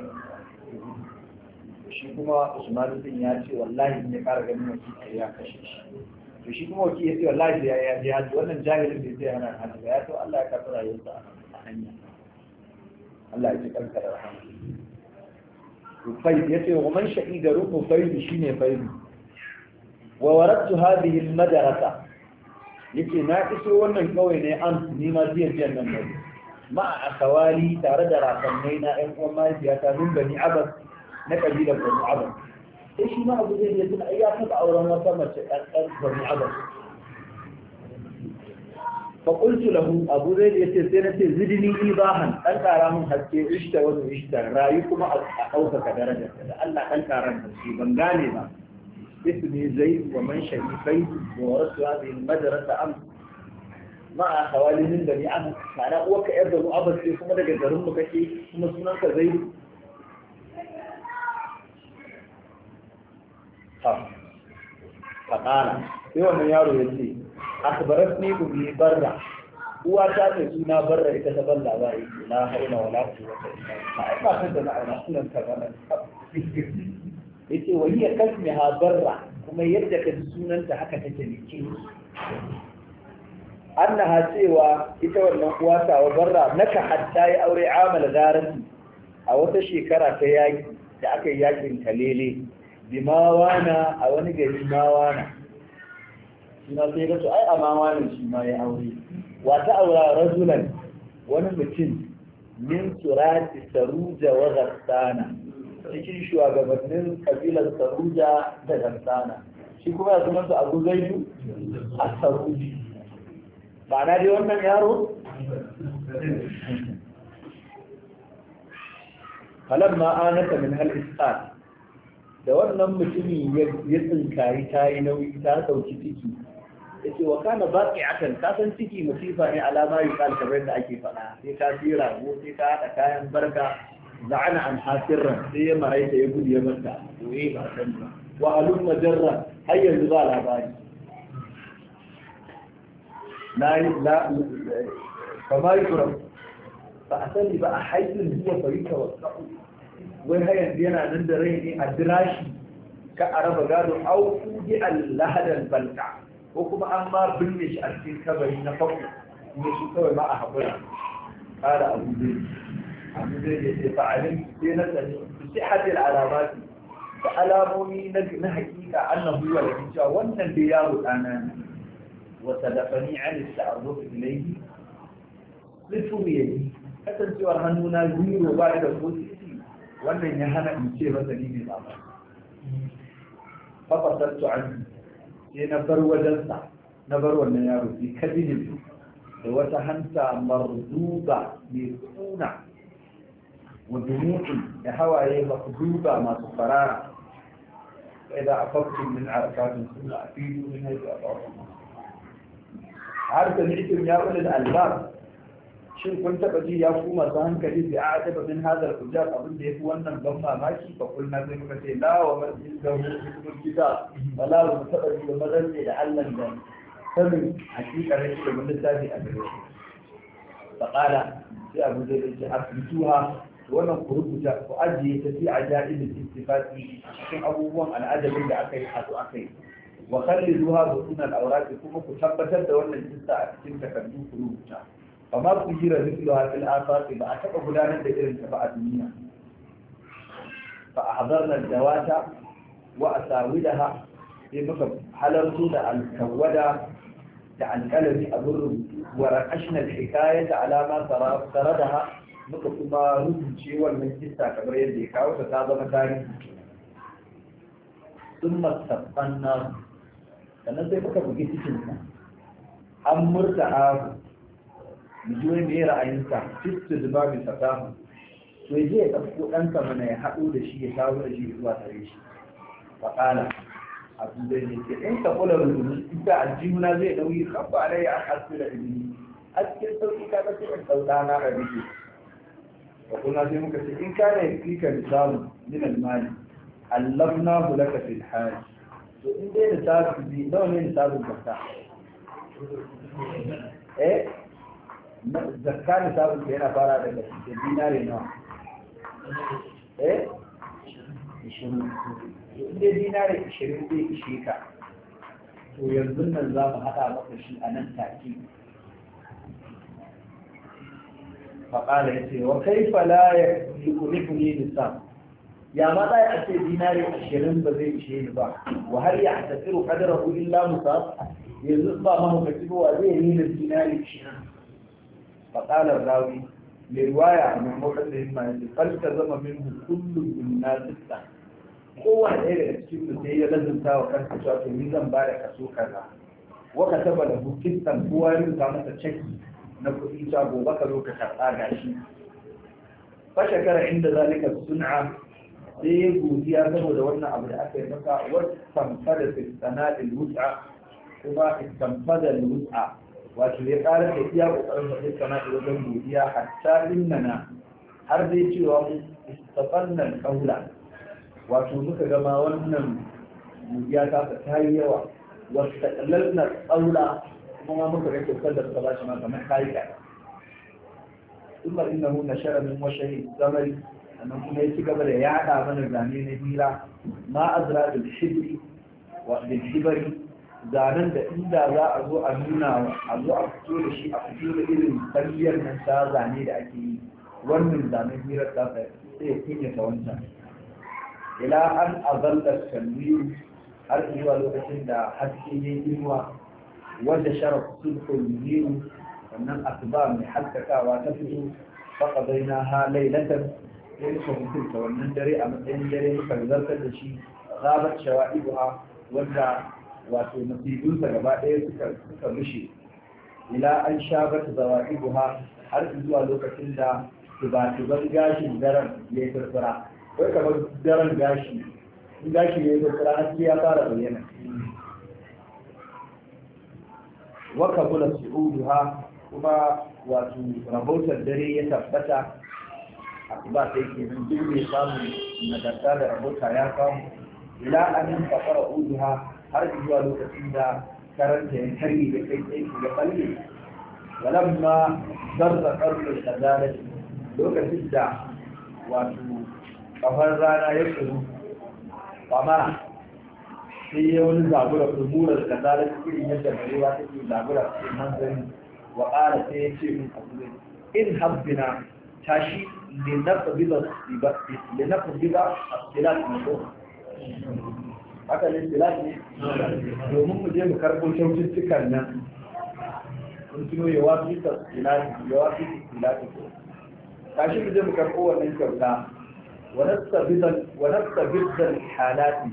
S2: shi kuma usman bin ya ce wallahi ne ya ƙara ganin wakil ya kashe shi to shi kuma wakil ya ce wallahi ya ya ji haji wannan jahilin bai zai hana hana, ba ya to Allah ya kafa rayuwarsa a hanya Allah ya ji kanka da rahama Rufai ya ce wa man shahida ruhu faidu shine faidu wa waratu hadhihi al-madrasa yace na iso wannan kawai ne an ni ma jiya nan ne مع أخوالي تارد راسمينا إن أم أمي بني عبد نكبيل بني عبد إيش ما أبو زيد يتنع ياخد أورا وصمت بني عبد فقلت له أبو زيد يتنع زدني إيضاها أنت أرامن حتى عشت وزو عشت رأيكم أوفك درجة ألا أنت أرامن في بنغالي ما اسمي زيد ومن شريفين ورسوا هذه المدرسة أمس ma a hawali da ni an tare uwarka yar mu abin ce kuma daga garin mu kake kuma sunan ka zaidu faƙala sai wannan yaro ya ce akbarat ni ku bi barra uwa ta ce suna barra ita ta ban labari na haina wala quwwata illa billah ai ba san da na aina sunan ka ba wani ya kasme ha barra kuma yadda ka ji sunanta haka take ne annaha cewa ita wannan uwa sawa barra naka hatta yi aure amal garati a wata shekara ta yaki da aka yi yakin kalele bi mawana a wani gari mawana suna sai ga su ai a mawanin shi ma ya aure wata aura rajulan wani mutum min turati saruja wa gastana cikin shugabannin kabilar saruja da gastana shi kuma ya zama su a zaidu a saruji ba na dai wannan yaro falamma anaka min hal da wannan mutumin ya tsinkari ta yi nauyi ta sauki ciki ya ce wa kana baki akan ka ciki masifa ne alama yi kal da ake faɗa sai ka fi rago sai ka haɗa kayan barka za'ana an hasirran sai ya maraita ya gudu ya manta to eh, ba san ba wa alum majarra har yanzu ba labari na yi la kama yi kuram ba a sani ba a haifin zuwa farita wa wai har yanzu yana nan da rai ne a dirashi ka araba gado au kuge allahadan balka ko kuma an ma binne shi a cikin kabari na farko ne shi kawai ma a haƙura ƙara abu zai abu zai da ke fa'alin sai na sani su ci hajjil alamati da alamomi na haƙiƙa annahu huwa da cewa wannan dai yaro ɗana ne وتدفني عن التعرف إليه لفو يدي kasancewar hannuna zero ba da ko wannan ya hana in ce masa ni ne ba fafasartu an sai na bar wajensa na bar wannan yaro bi da wata hanta marzuba mai kuna wa dumu'in da hawaye mafduba masu farara idan afaktu min arkatin sunna afidu min hajji abawa har da nikin ya ulil albab shin kun taba ji ya kuma masu hankali da a taba min hadal kujar abin da fi wannan ban mamaki ba kulna sai muka ce la wa masjid da mutum kita wala wa taba ji da mazan da Allah da sanin hakikar shi da mun tafi a gare shi fa qala sai abu da yake afituha wannan ku rubuta ku ajiye ta fi ajaib al-istifati cikin abubuwan al'adabin da aka yi hadu aka yi wa khalliluha butun al-awrati kuma ku tabbatar da wannan kissa a cikin takardun ku rubuta amma ku jira mithluha fil afaqi ba a taba gudanar da irin ta ba a duniya fa ahdarna al-dawata wa asawidaha sai muka halartu da al-kawada da alƙalami a gurin warakashnar hikaya da alama tare da ha muka kuma rubuce wannan kista kamar yadda ya kawo ta zama tarihi sun masabban nasu sannan sai kuka bugi cikin sa an murta a bijiyoyi mai ra'ayinsa fistu zuba mai fasaha to ya je ya ɗauko ɗansa mana ya haɗu da shi ya shawo da shi zuwa tare shi faƙala abu zai ne ke ɗan ka kula rubuni ita aljihuna zai ɗauki kafa alai an hasu da ibini a cikin sauƙi ka ɗauki ɗan ɗauɗa na a rike wa kuna sai muka ce in ka ne fika misalu min almani na laka fil hajj to in dai lissafi biyu nawa ne lissafin zakka eh zakka lissafin ka yana fara daga da dinari nawa eh ishirin in dai dinare ishirin zai ishe ka to yanzu nan za mu haɗa maka shi a nan take faƙala ya ce wa kaifa la ya yukulifuni lissafin ya ma ya a ce dinari ashirin ba zai ishe ni ba wa har ya tafiru kadarahu illa musa yanzu ba mahaukaci ba wa zai ni dinari ashirin faɗalar rawi mai riwaya mai mawar da himma yanzu zama min kullum in na tsitsa kowa ɗaya daga cikin su sai ya lazunta wa kansa cewa to ni zan ba da kaso kaza wa ka taba da hukitan kowa ya rubuta masa ceki na kuɗi cewa gobe ka zo ka karɓa gashi fa shekara inda zalika sun'a sai ya godiya saboda wannan abu da aka yi masa wasamfada fi da wut'a kuma istamfada wut'a wato ya ƙara da iya ƙoƙarin da fi sana'il wajen godiya hatta innana har zai cewa mu istafannan kaula wato muka gama wannan godiya ta ta yi yawa wasu takallalna kaula kuma muka ga kyautar da suka ba shi ma kamar kayi ka ثم إنه نشر من وشه الثمر sannan kuma ya ci gaba da yaɗa mana zane na hira ma azra da shibri wa da shibari zanen da inda za a zo a nuna a zo a fito da shi a fito da irin tsariyar nan ta zane da ake yi wannan zanen hirar ta sai ya kunyata wancan ila an azalla tanwiru har zuwa lokacin da haske ne inuwa wanda sharaf sulhul niru sannan asuba mai haskakawa ta fito faqadaina ha laylatan ya muka mutunta wannan dare a matsayin dare muka zartar da shi zabar shawa'ibuha wanda wato masibinsa gaba ɗaya suka suka rushe ila an shabar zawa'ibuha har zuwa lokacin da tubatuban gashin daren ya yi furfura wai kamar daren gashi in gashi ya yi furfura haske ya fara bayyana waka bula su'uduha kuma wato rabautar dare ya tabbata ba sai ke nan duk mai na nagarta da rabota ya samu ila amin fasara uduha har zuwa lokacin da karanta ya tari da kai tsaye ga balle walamma zarra karfin da lokacin da wato kafar rana ya tsuru kwamara sai ya wani zabura tsumurar da zalar cikin yadda ta ke zagura cikin hanzari wa ƙara sai ya ce min abu in habbina tashi لنقض بضع اختلاف مشهور haka ne tilafi domin mu je mu karɓo kyaututtukan nan kun tuno ya wasu ta tilafi ya wasu ta tilafi ko kashi mu je mu karɓo wannan kyauta wa nastabidan halati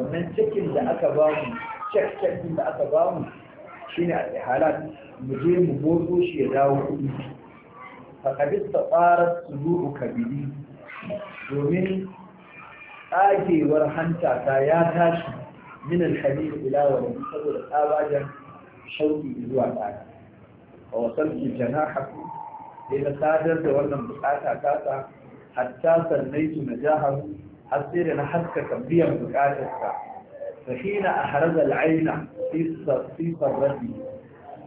S2: wannan cikin da aka ba mu cek cek da aka ba mu shine a halat mu je mu motso shi ya dawo kuɗi فقد استطارت سلوكك بلي ومن آجي ورحمتا تاياتاش من الحديث إلى ولدي صدر آواجا شوقي إذوى تاك ووصلت جناحك إلى تاجر دورنا بقاتا تاتا حتى سنيت نجاحه حصير نحسك تبديا بقاتك فحين أحرز العين في صرفي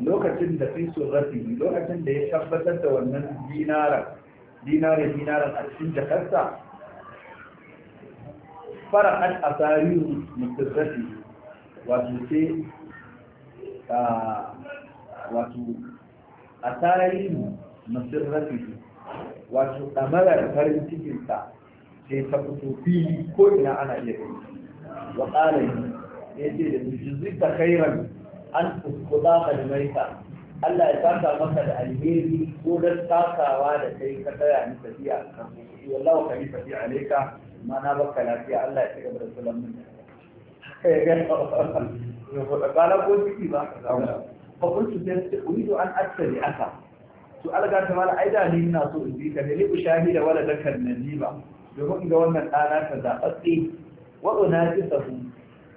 S2: lokacin da fi surrati lokacin da ya tabbatar da wannan dinaran dinarin dinaran a cikin jakarta fara'at asariyu mutarrati wato sai wato asariyu mutarrati wato ɗamarar farin cikinsa sai ta fito fili ko ina ana iya gani wa ƙalari ya ce da jizuta khairan an kuɗa kalmarka Allah ya saka maka da alheri ko don takawa da kai ka tsaya ni tafiya a kan wallahu ka yi tafiya alaika ma na baka lafiya Allah ya ci gaba da sulan min kala ko ciki ba fa kuntu sai uridu an asali aka to alga ta mala aida ni ina so in bi ka ne li ushahida wala dakan najiba domin ga wannan ɗana ta zaɓaɓɓe wa unati sahu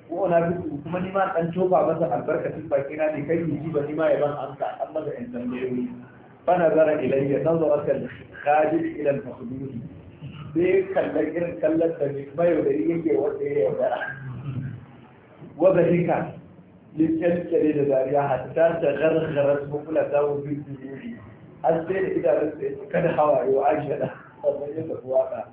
S2: ko na bi ku kuma nima dan coba masa albarkacin baki na ne kai ni ji ba nima ya ban amsa an maza in tambayoyi fana zara ilayya dan zo akan khadid ila al makhdud be kalla irin kallar da ni mai da yake wanda ya yarda wa bazika lisan kare da dariya hatta ta gargarar mu kula da wa bi dubi har sai da idan sai kada hawa yau aisha da wannan ya tafi waka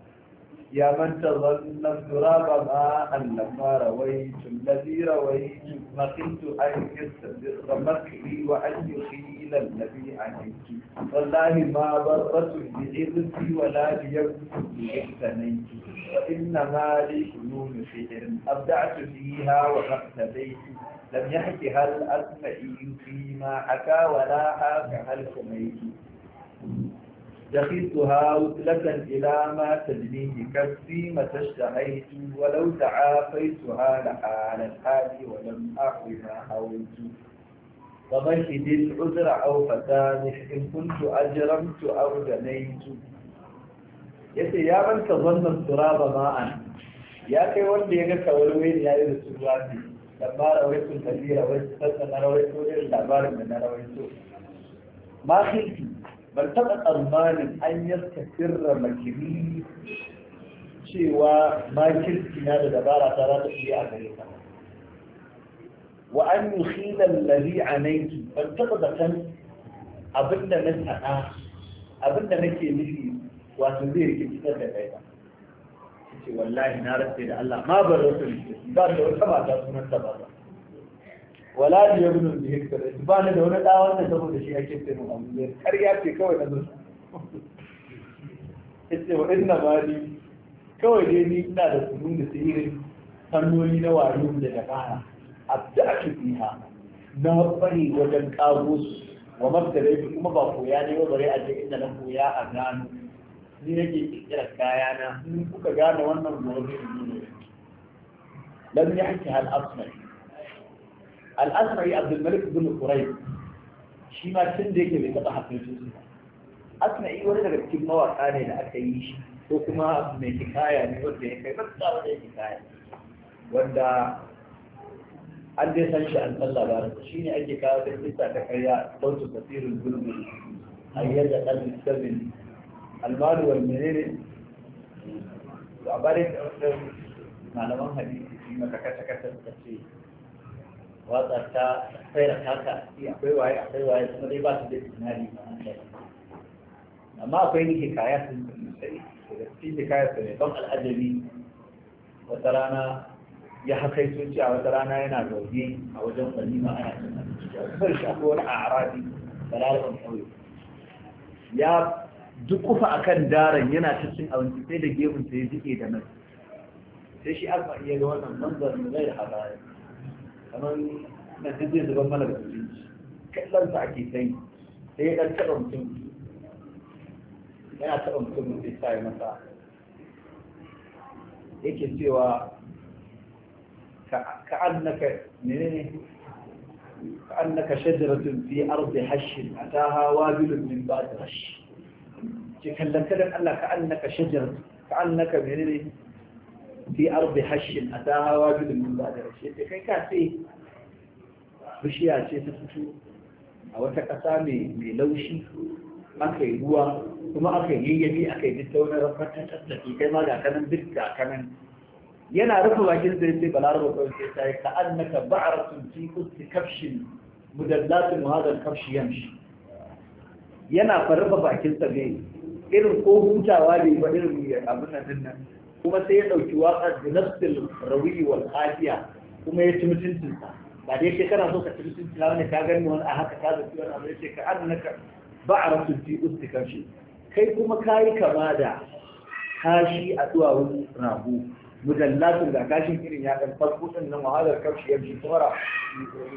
S2: يا من تظن التراب ماء لما رويت الذي رويت لقيت أن يستدق مكري وأن يخيل الذي عنيت والله ما برت بعرسي ولا بيبت اعتنيت وإنما لي فنون سحر أبدعت فيها ومقتديت لم يحكها الأسمعي فيما حكى ولا حاكها الخميس دخلتها وثلة إلى ما تدني بكفي ما تشتهيت ولو تعافيتها لحال الحال ولم أعرف حولت ومهد العذر أو فتانح إن كنت أجرمت أو دنيت يتي يا من تظن التراب ماء يا كي ولدي يا كي ولوين يا يد السلواتي لما رويت الكثير رويت فتنة رويت وغير الأعمال من رويت ما خلتي ban taɓa tsammanin an yarka sirra makiri cewa makirci na da dabara ta za ta iya a gare ka wa an yi hilan lari a naiki ban taɓa zaton abinda na faɗa abinda nake nufi wato zai rikitar da kai ba ce wallahi na rasa da Allah ma ban rasa ba da wata mata sunanta ba wala da ya gudun da hekta da ba ni da wani ɗa wanda saboda shi ake tsirin abu da ƙarya ce kawai na zuwa ita wa ina ba ni kawai dai ni ina da kunun da tsirin fannoni na wayo da dabara a da a cikin na bari wajen ƙago su wa mabdalai kuma ba koya ne ba bare a ce inda na koya a gano ni nake ƙirƙirar kayana in kuka gane wannan gobe ne lam yahki hal asmal الأسرعي عبد الملك بن قريب شي ما تنديك بك تحت نفسه أسمع إيه ولا تقول كم مواقع لي لأك يشي هو كما أبنى كفاية من وديه كي مستار لي كفاية وندا عندي سنشاء أن تلا بارد شيني أجي كافر لسا تكريا قوت كثير الظلم أيها قلب السمن المال والمنير وعبارك أفضل معلومة هذه فيما تكتكتك تكتكتك Watsar ta tsaira taka akwai waye akwai waye kuma dai ba su da tunani amma akwai nike kaya sun sai da cikin kaya sun ne don al'ajabi wata rana ya haka sun a wata rana yana zaune a wajen kwalima ana cin abinci sai shi akwai wani a arabi balalun kauye ya dukufa akan daren yana ta cin abinci sai da gemun sa ya jike da nan sai shi aka iya ga wannan manzar mai da habari kamar na jirgin zuban mana da kuɗi kallon sa ake sai sai ya ɗan taɓa mutum yana taɓa mutum sai sa ya masa yake cewa كأنك كأنك شجرة في أرض حش أتاها وابل من بعد غش تكلم كلام الله كأنك شجرة كأنك منيني fi arzi hashin a ta hawa gudun min ba da rashe ta kai ka ce bishiya ce ta fito a wata ƙasa mai laushi aka yi ruwa kuma aka yi yabi aka yi duk wani rafatar tattaki kai ma ga kanan duk ga kanan yana rufe bakin sai sai balaraba kawai sai ta yi ka'an na ka sun fi kusti kafshin mudallatin muhazar kafshi yamshi yana fa rufe bakin sa ne irin ko hutawa ne ba irin abin nan kuma sai ya ɗauki waƙar da nafsil rawi wal afiya kuma ya ci mutuncinsa ba dai sai kana so ka ci mutuncin na wani ka gani wani a haka ka zafi wani abu ya ce ka annaka ba a rasu fi ustikan shi kai kuma ka yi kama da kashi a wani rabu mujallatun da kashin irin ya ɗan farko ɗin nan wahalar kamshi ya ji tsora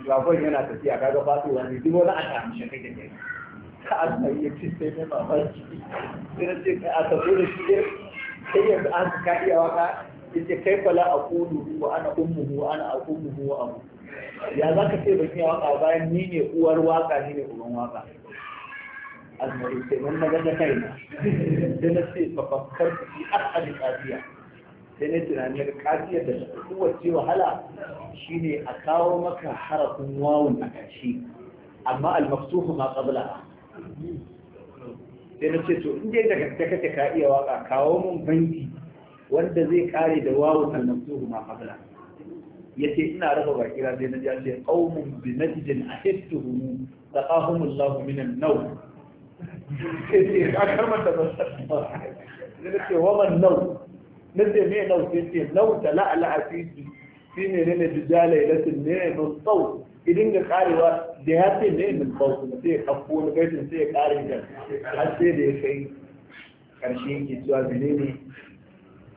S2: ragon yana tafiya ga fatuwa ne duk wani a
S1: tamishe kai da kai
S2: ka a tsaye ci sai mai mamaki sai na ce ka a tafi da shi kai yanzu an ka iya waka yace kai fala aqulu wa ana ummuhu wa ana aqumuhu wa abu ya za ka ce ban iya waka bayan ni ne uwar waka ni ne uban waka almari sai mun da gaza kaina sai na ce fafakkar fi asali kafiya sai na tunanin kafiyar da kowace wahala shine a kawo maka harafin wawun a kashi, amma al-mafsuhu ma qabla sai na ce to in dai daga gaske kake ka iya waka kawo mun banki wanda zai kare da wawu al-maftuhu ma qabla yace ina raba baki ra sai na ji ce qaumun bi najdin ahittuhum taqahum Allah min an-nawm sai ka karma da sai na ce wa man nawm na ce me nawm sai ce ta la'ala fi fi ne ne dijala ilatin ne no sawt idan ga karewa da ya ce ne min bautu sai ya kafo wani sai ya kare da har sai da ya kai karshe yake cewa bile ne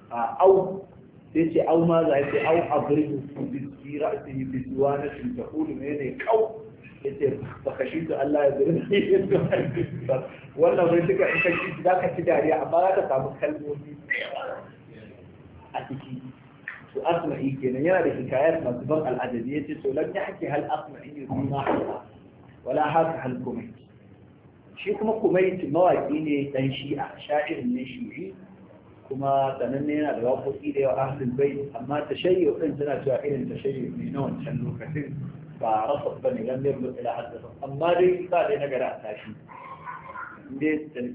S2: a au sai ce au ma za ce au a birnin su biski ra'asi bisuwa na shi ta hudu ne ne kau ya ce ba ka shi Allah ya zira ne ya zuwa wannan wani duka in ka shi za ka ci dariya amma za ka samu kalmomi a ciki وأسمع يمكن يا لحكايات مصدر العددية تقولن يحكي هل أسمع يمكن ما حصل ولا حاس عن كوميت شيء كم كوميت ما يديني تنشيع شاعر من نشوي كما تنمينا الوفو إلي وأهل البيت أما تشيء إنسان تواحيل تشيء منون تنو كثير فعرفت بني لم يبلغ إلى حد صف أما ذي قال إنا قرأ تاشي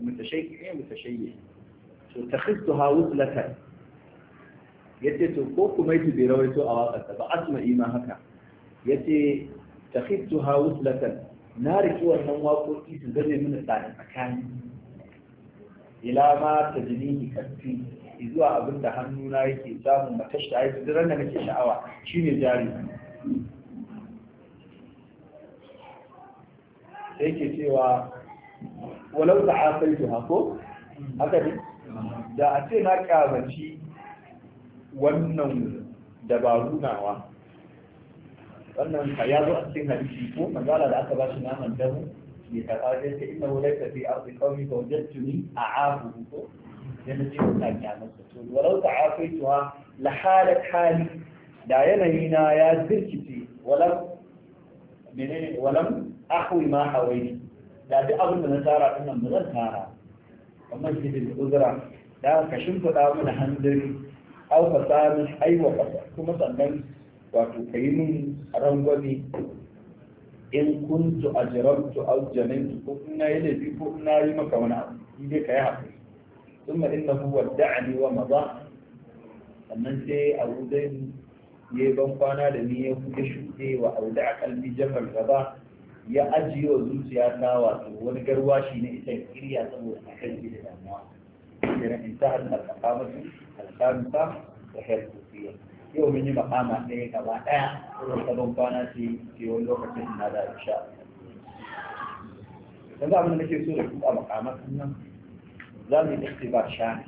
S2: متشيكين متشيئين سو تخذتها وصلة yace to ko kuma yake bai rawaito a waƙarsa ba asma ima haka yace ta ha wuslatan na riki wannan waƙoƙi su zame mini tsani tsakani ila ma ta jini kafi zuwa abin da hannuna yake samun ba ai duk ran da nake sha'awa shine jari sai ke cewa walau da afaitu hako haka ne da a ce na kyamaci wannan dabaru nawa wannan ka ya zo a cikin hadisi ko magana da aka ba shi naman damu bai karɓa da yake inna wulai ka fi arzi kawai ka wajen tuni a abu ko sai na ce ko ta kyamarsa to walau ta afaituwa la halat hali da yanayi na ya zirkice walam menene walam ahwi ma hawaini da duk abin da na tara din nan ba zan tara amma shi da uzura da ka shimfiɗa mana hanzari aw fasadin aiwa ƙasa kuma sannan wato ka yi min rangwame in kuntu ajramtu aw janantu ko in na yi laifi ko in na yi maka wani abu in dai ka yi haƙuri ثم إنه ودعني ومضى sannan sai abu zai ya ban kwana da ni ya kuke shuɗe wa abu da a kalbi jafar gaba ya ajiye wa zuciya ta wato wani garwashi na ita kirya saboda a kan da damuwa. Kiran in ta hannun a kamar kansa da herkufiya yau mun yi makama ɗaya gaba ɗaya ta ban kwana ce ke wani lokacin na da isha yanzu abin da nake so da kuka makaman nan za mu yi ba shani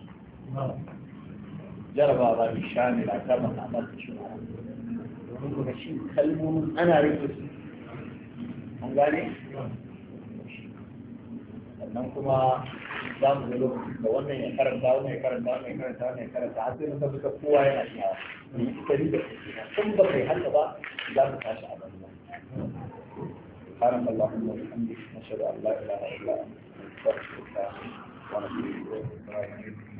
S2: jaraba ba mu shani na ta makaman ta shi domin kuma shi kalmomin ana rike su an gane sannan kuma za mu ga lokaci da wannan ya karanta wannan ya karanta wannan ya karanta wannan ya karanta har sai muka duka kowa yana iya ni ita ni da kun ba kai haka ba za ka tashi a banza سبحانك اللهم وبحمدك نشهد ان لا اله الا انت نستغفرك ونتوب اليك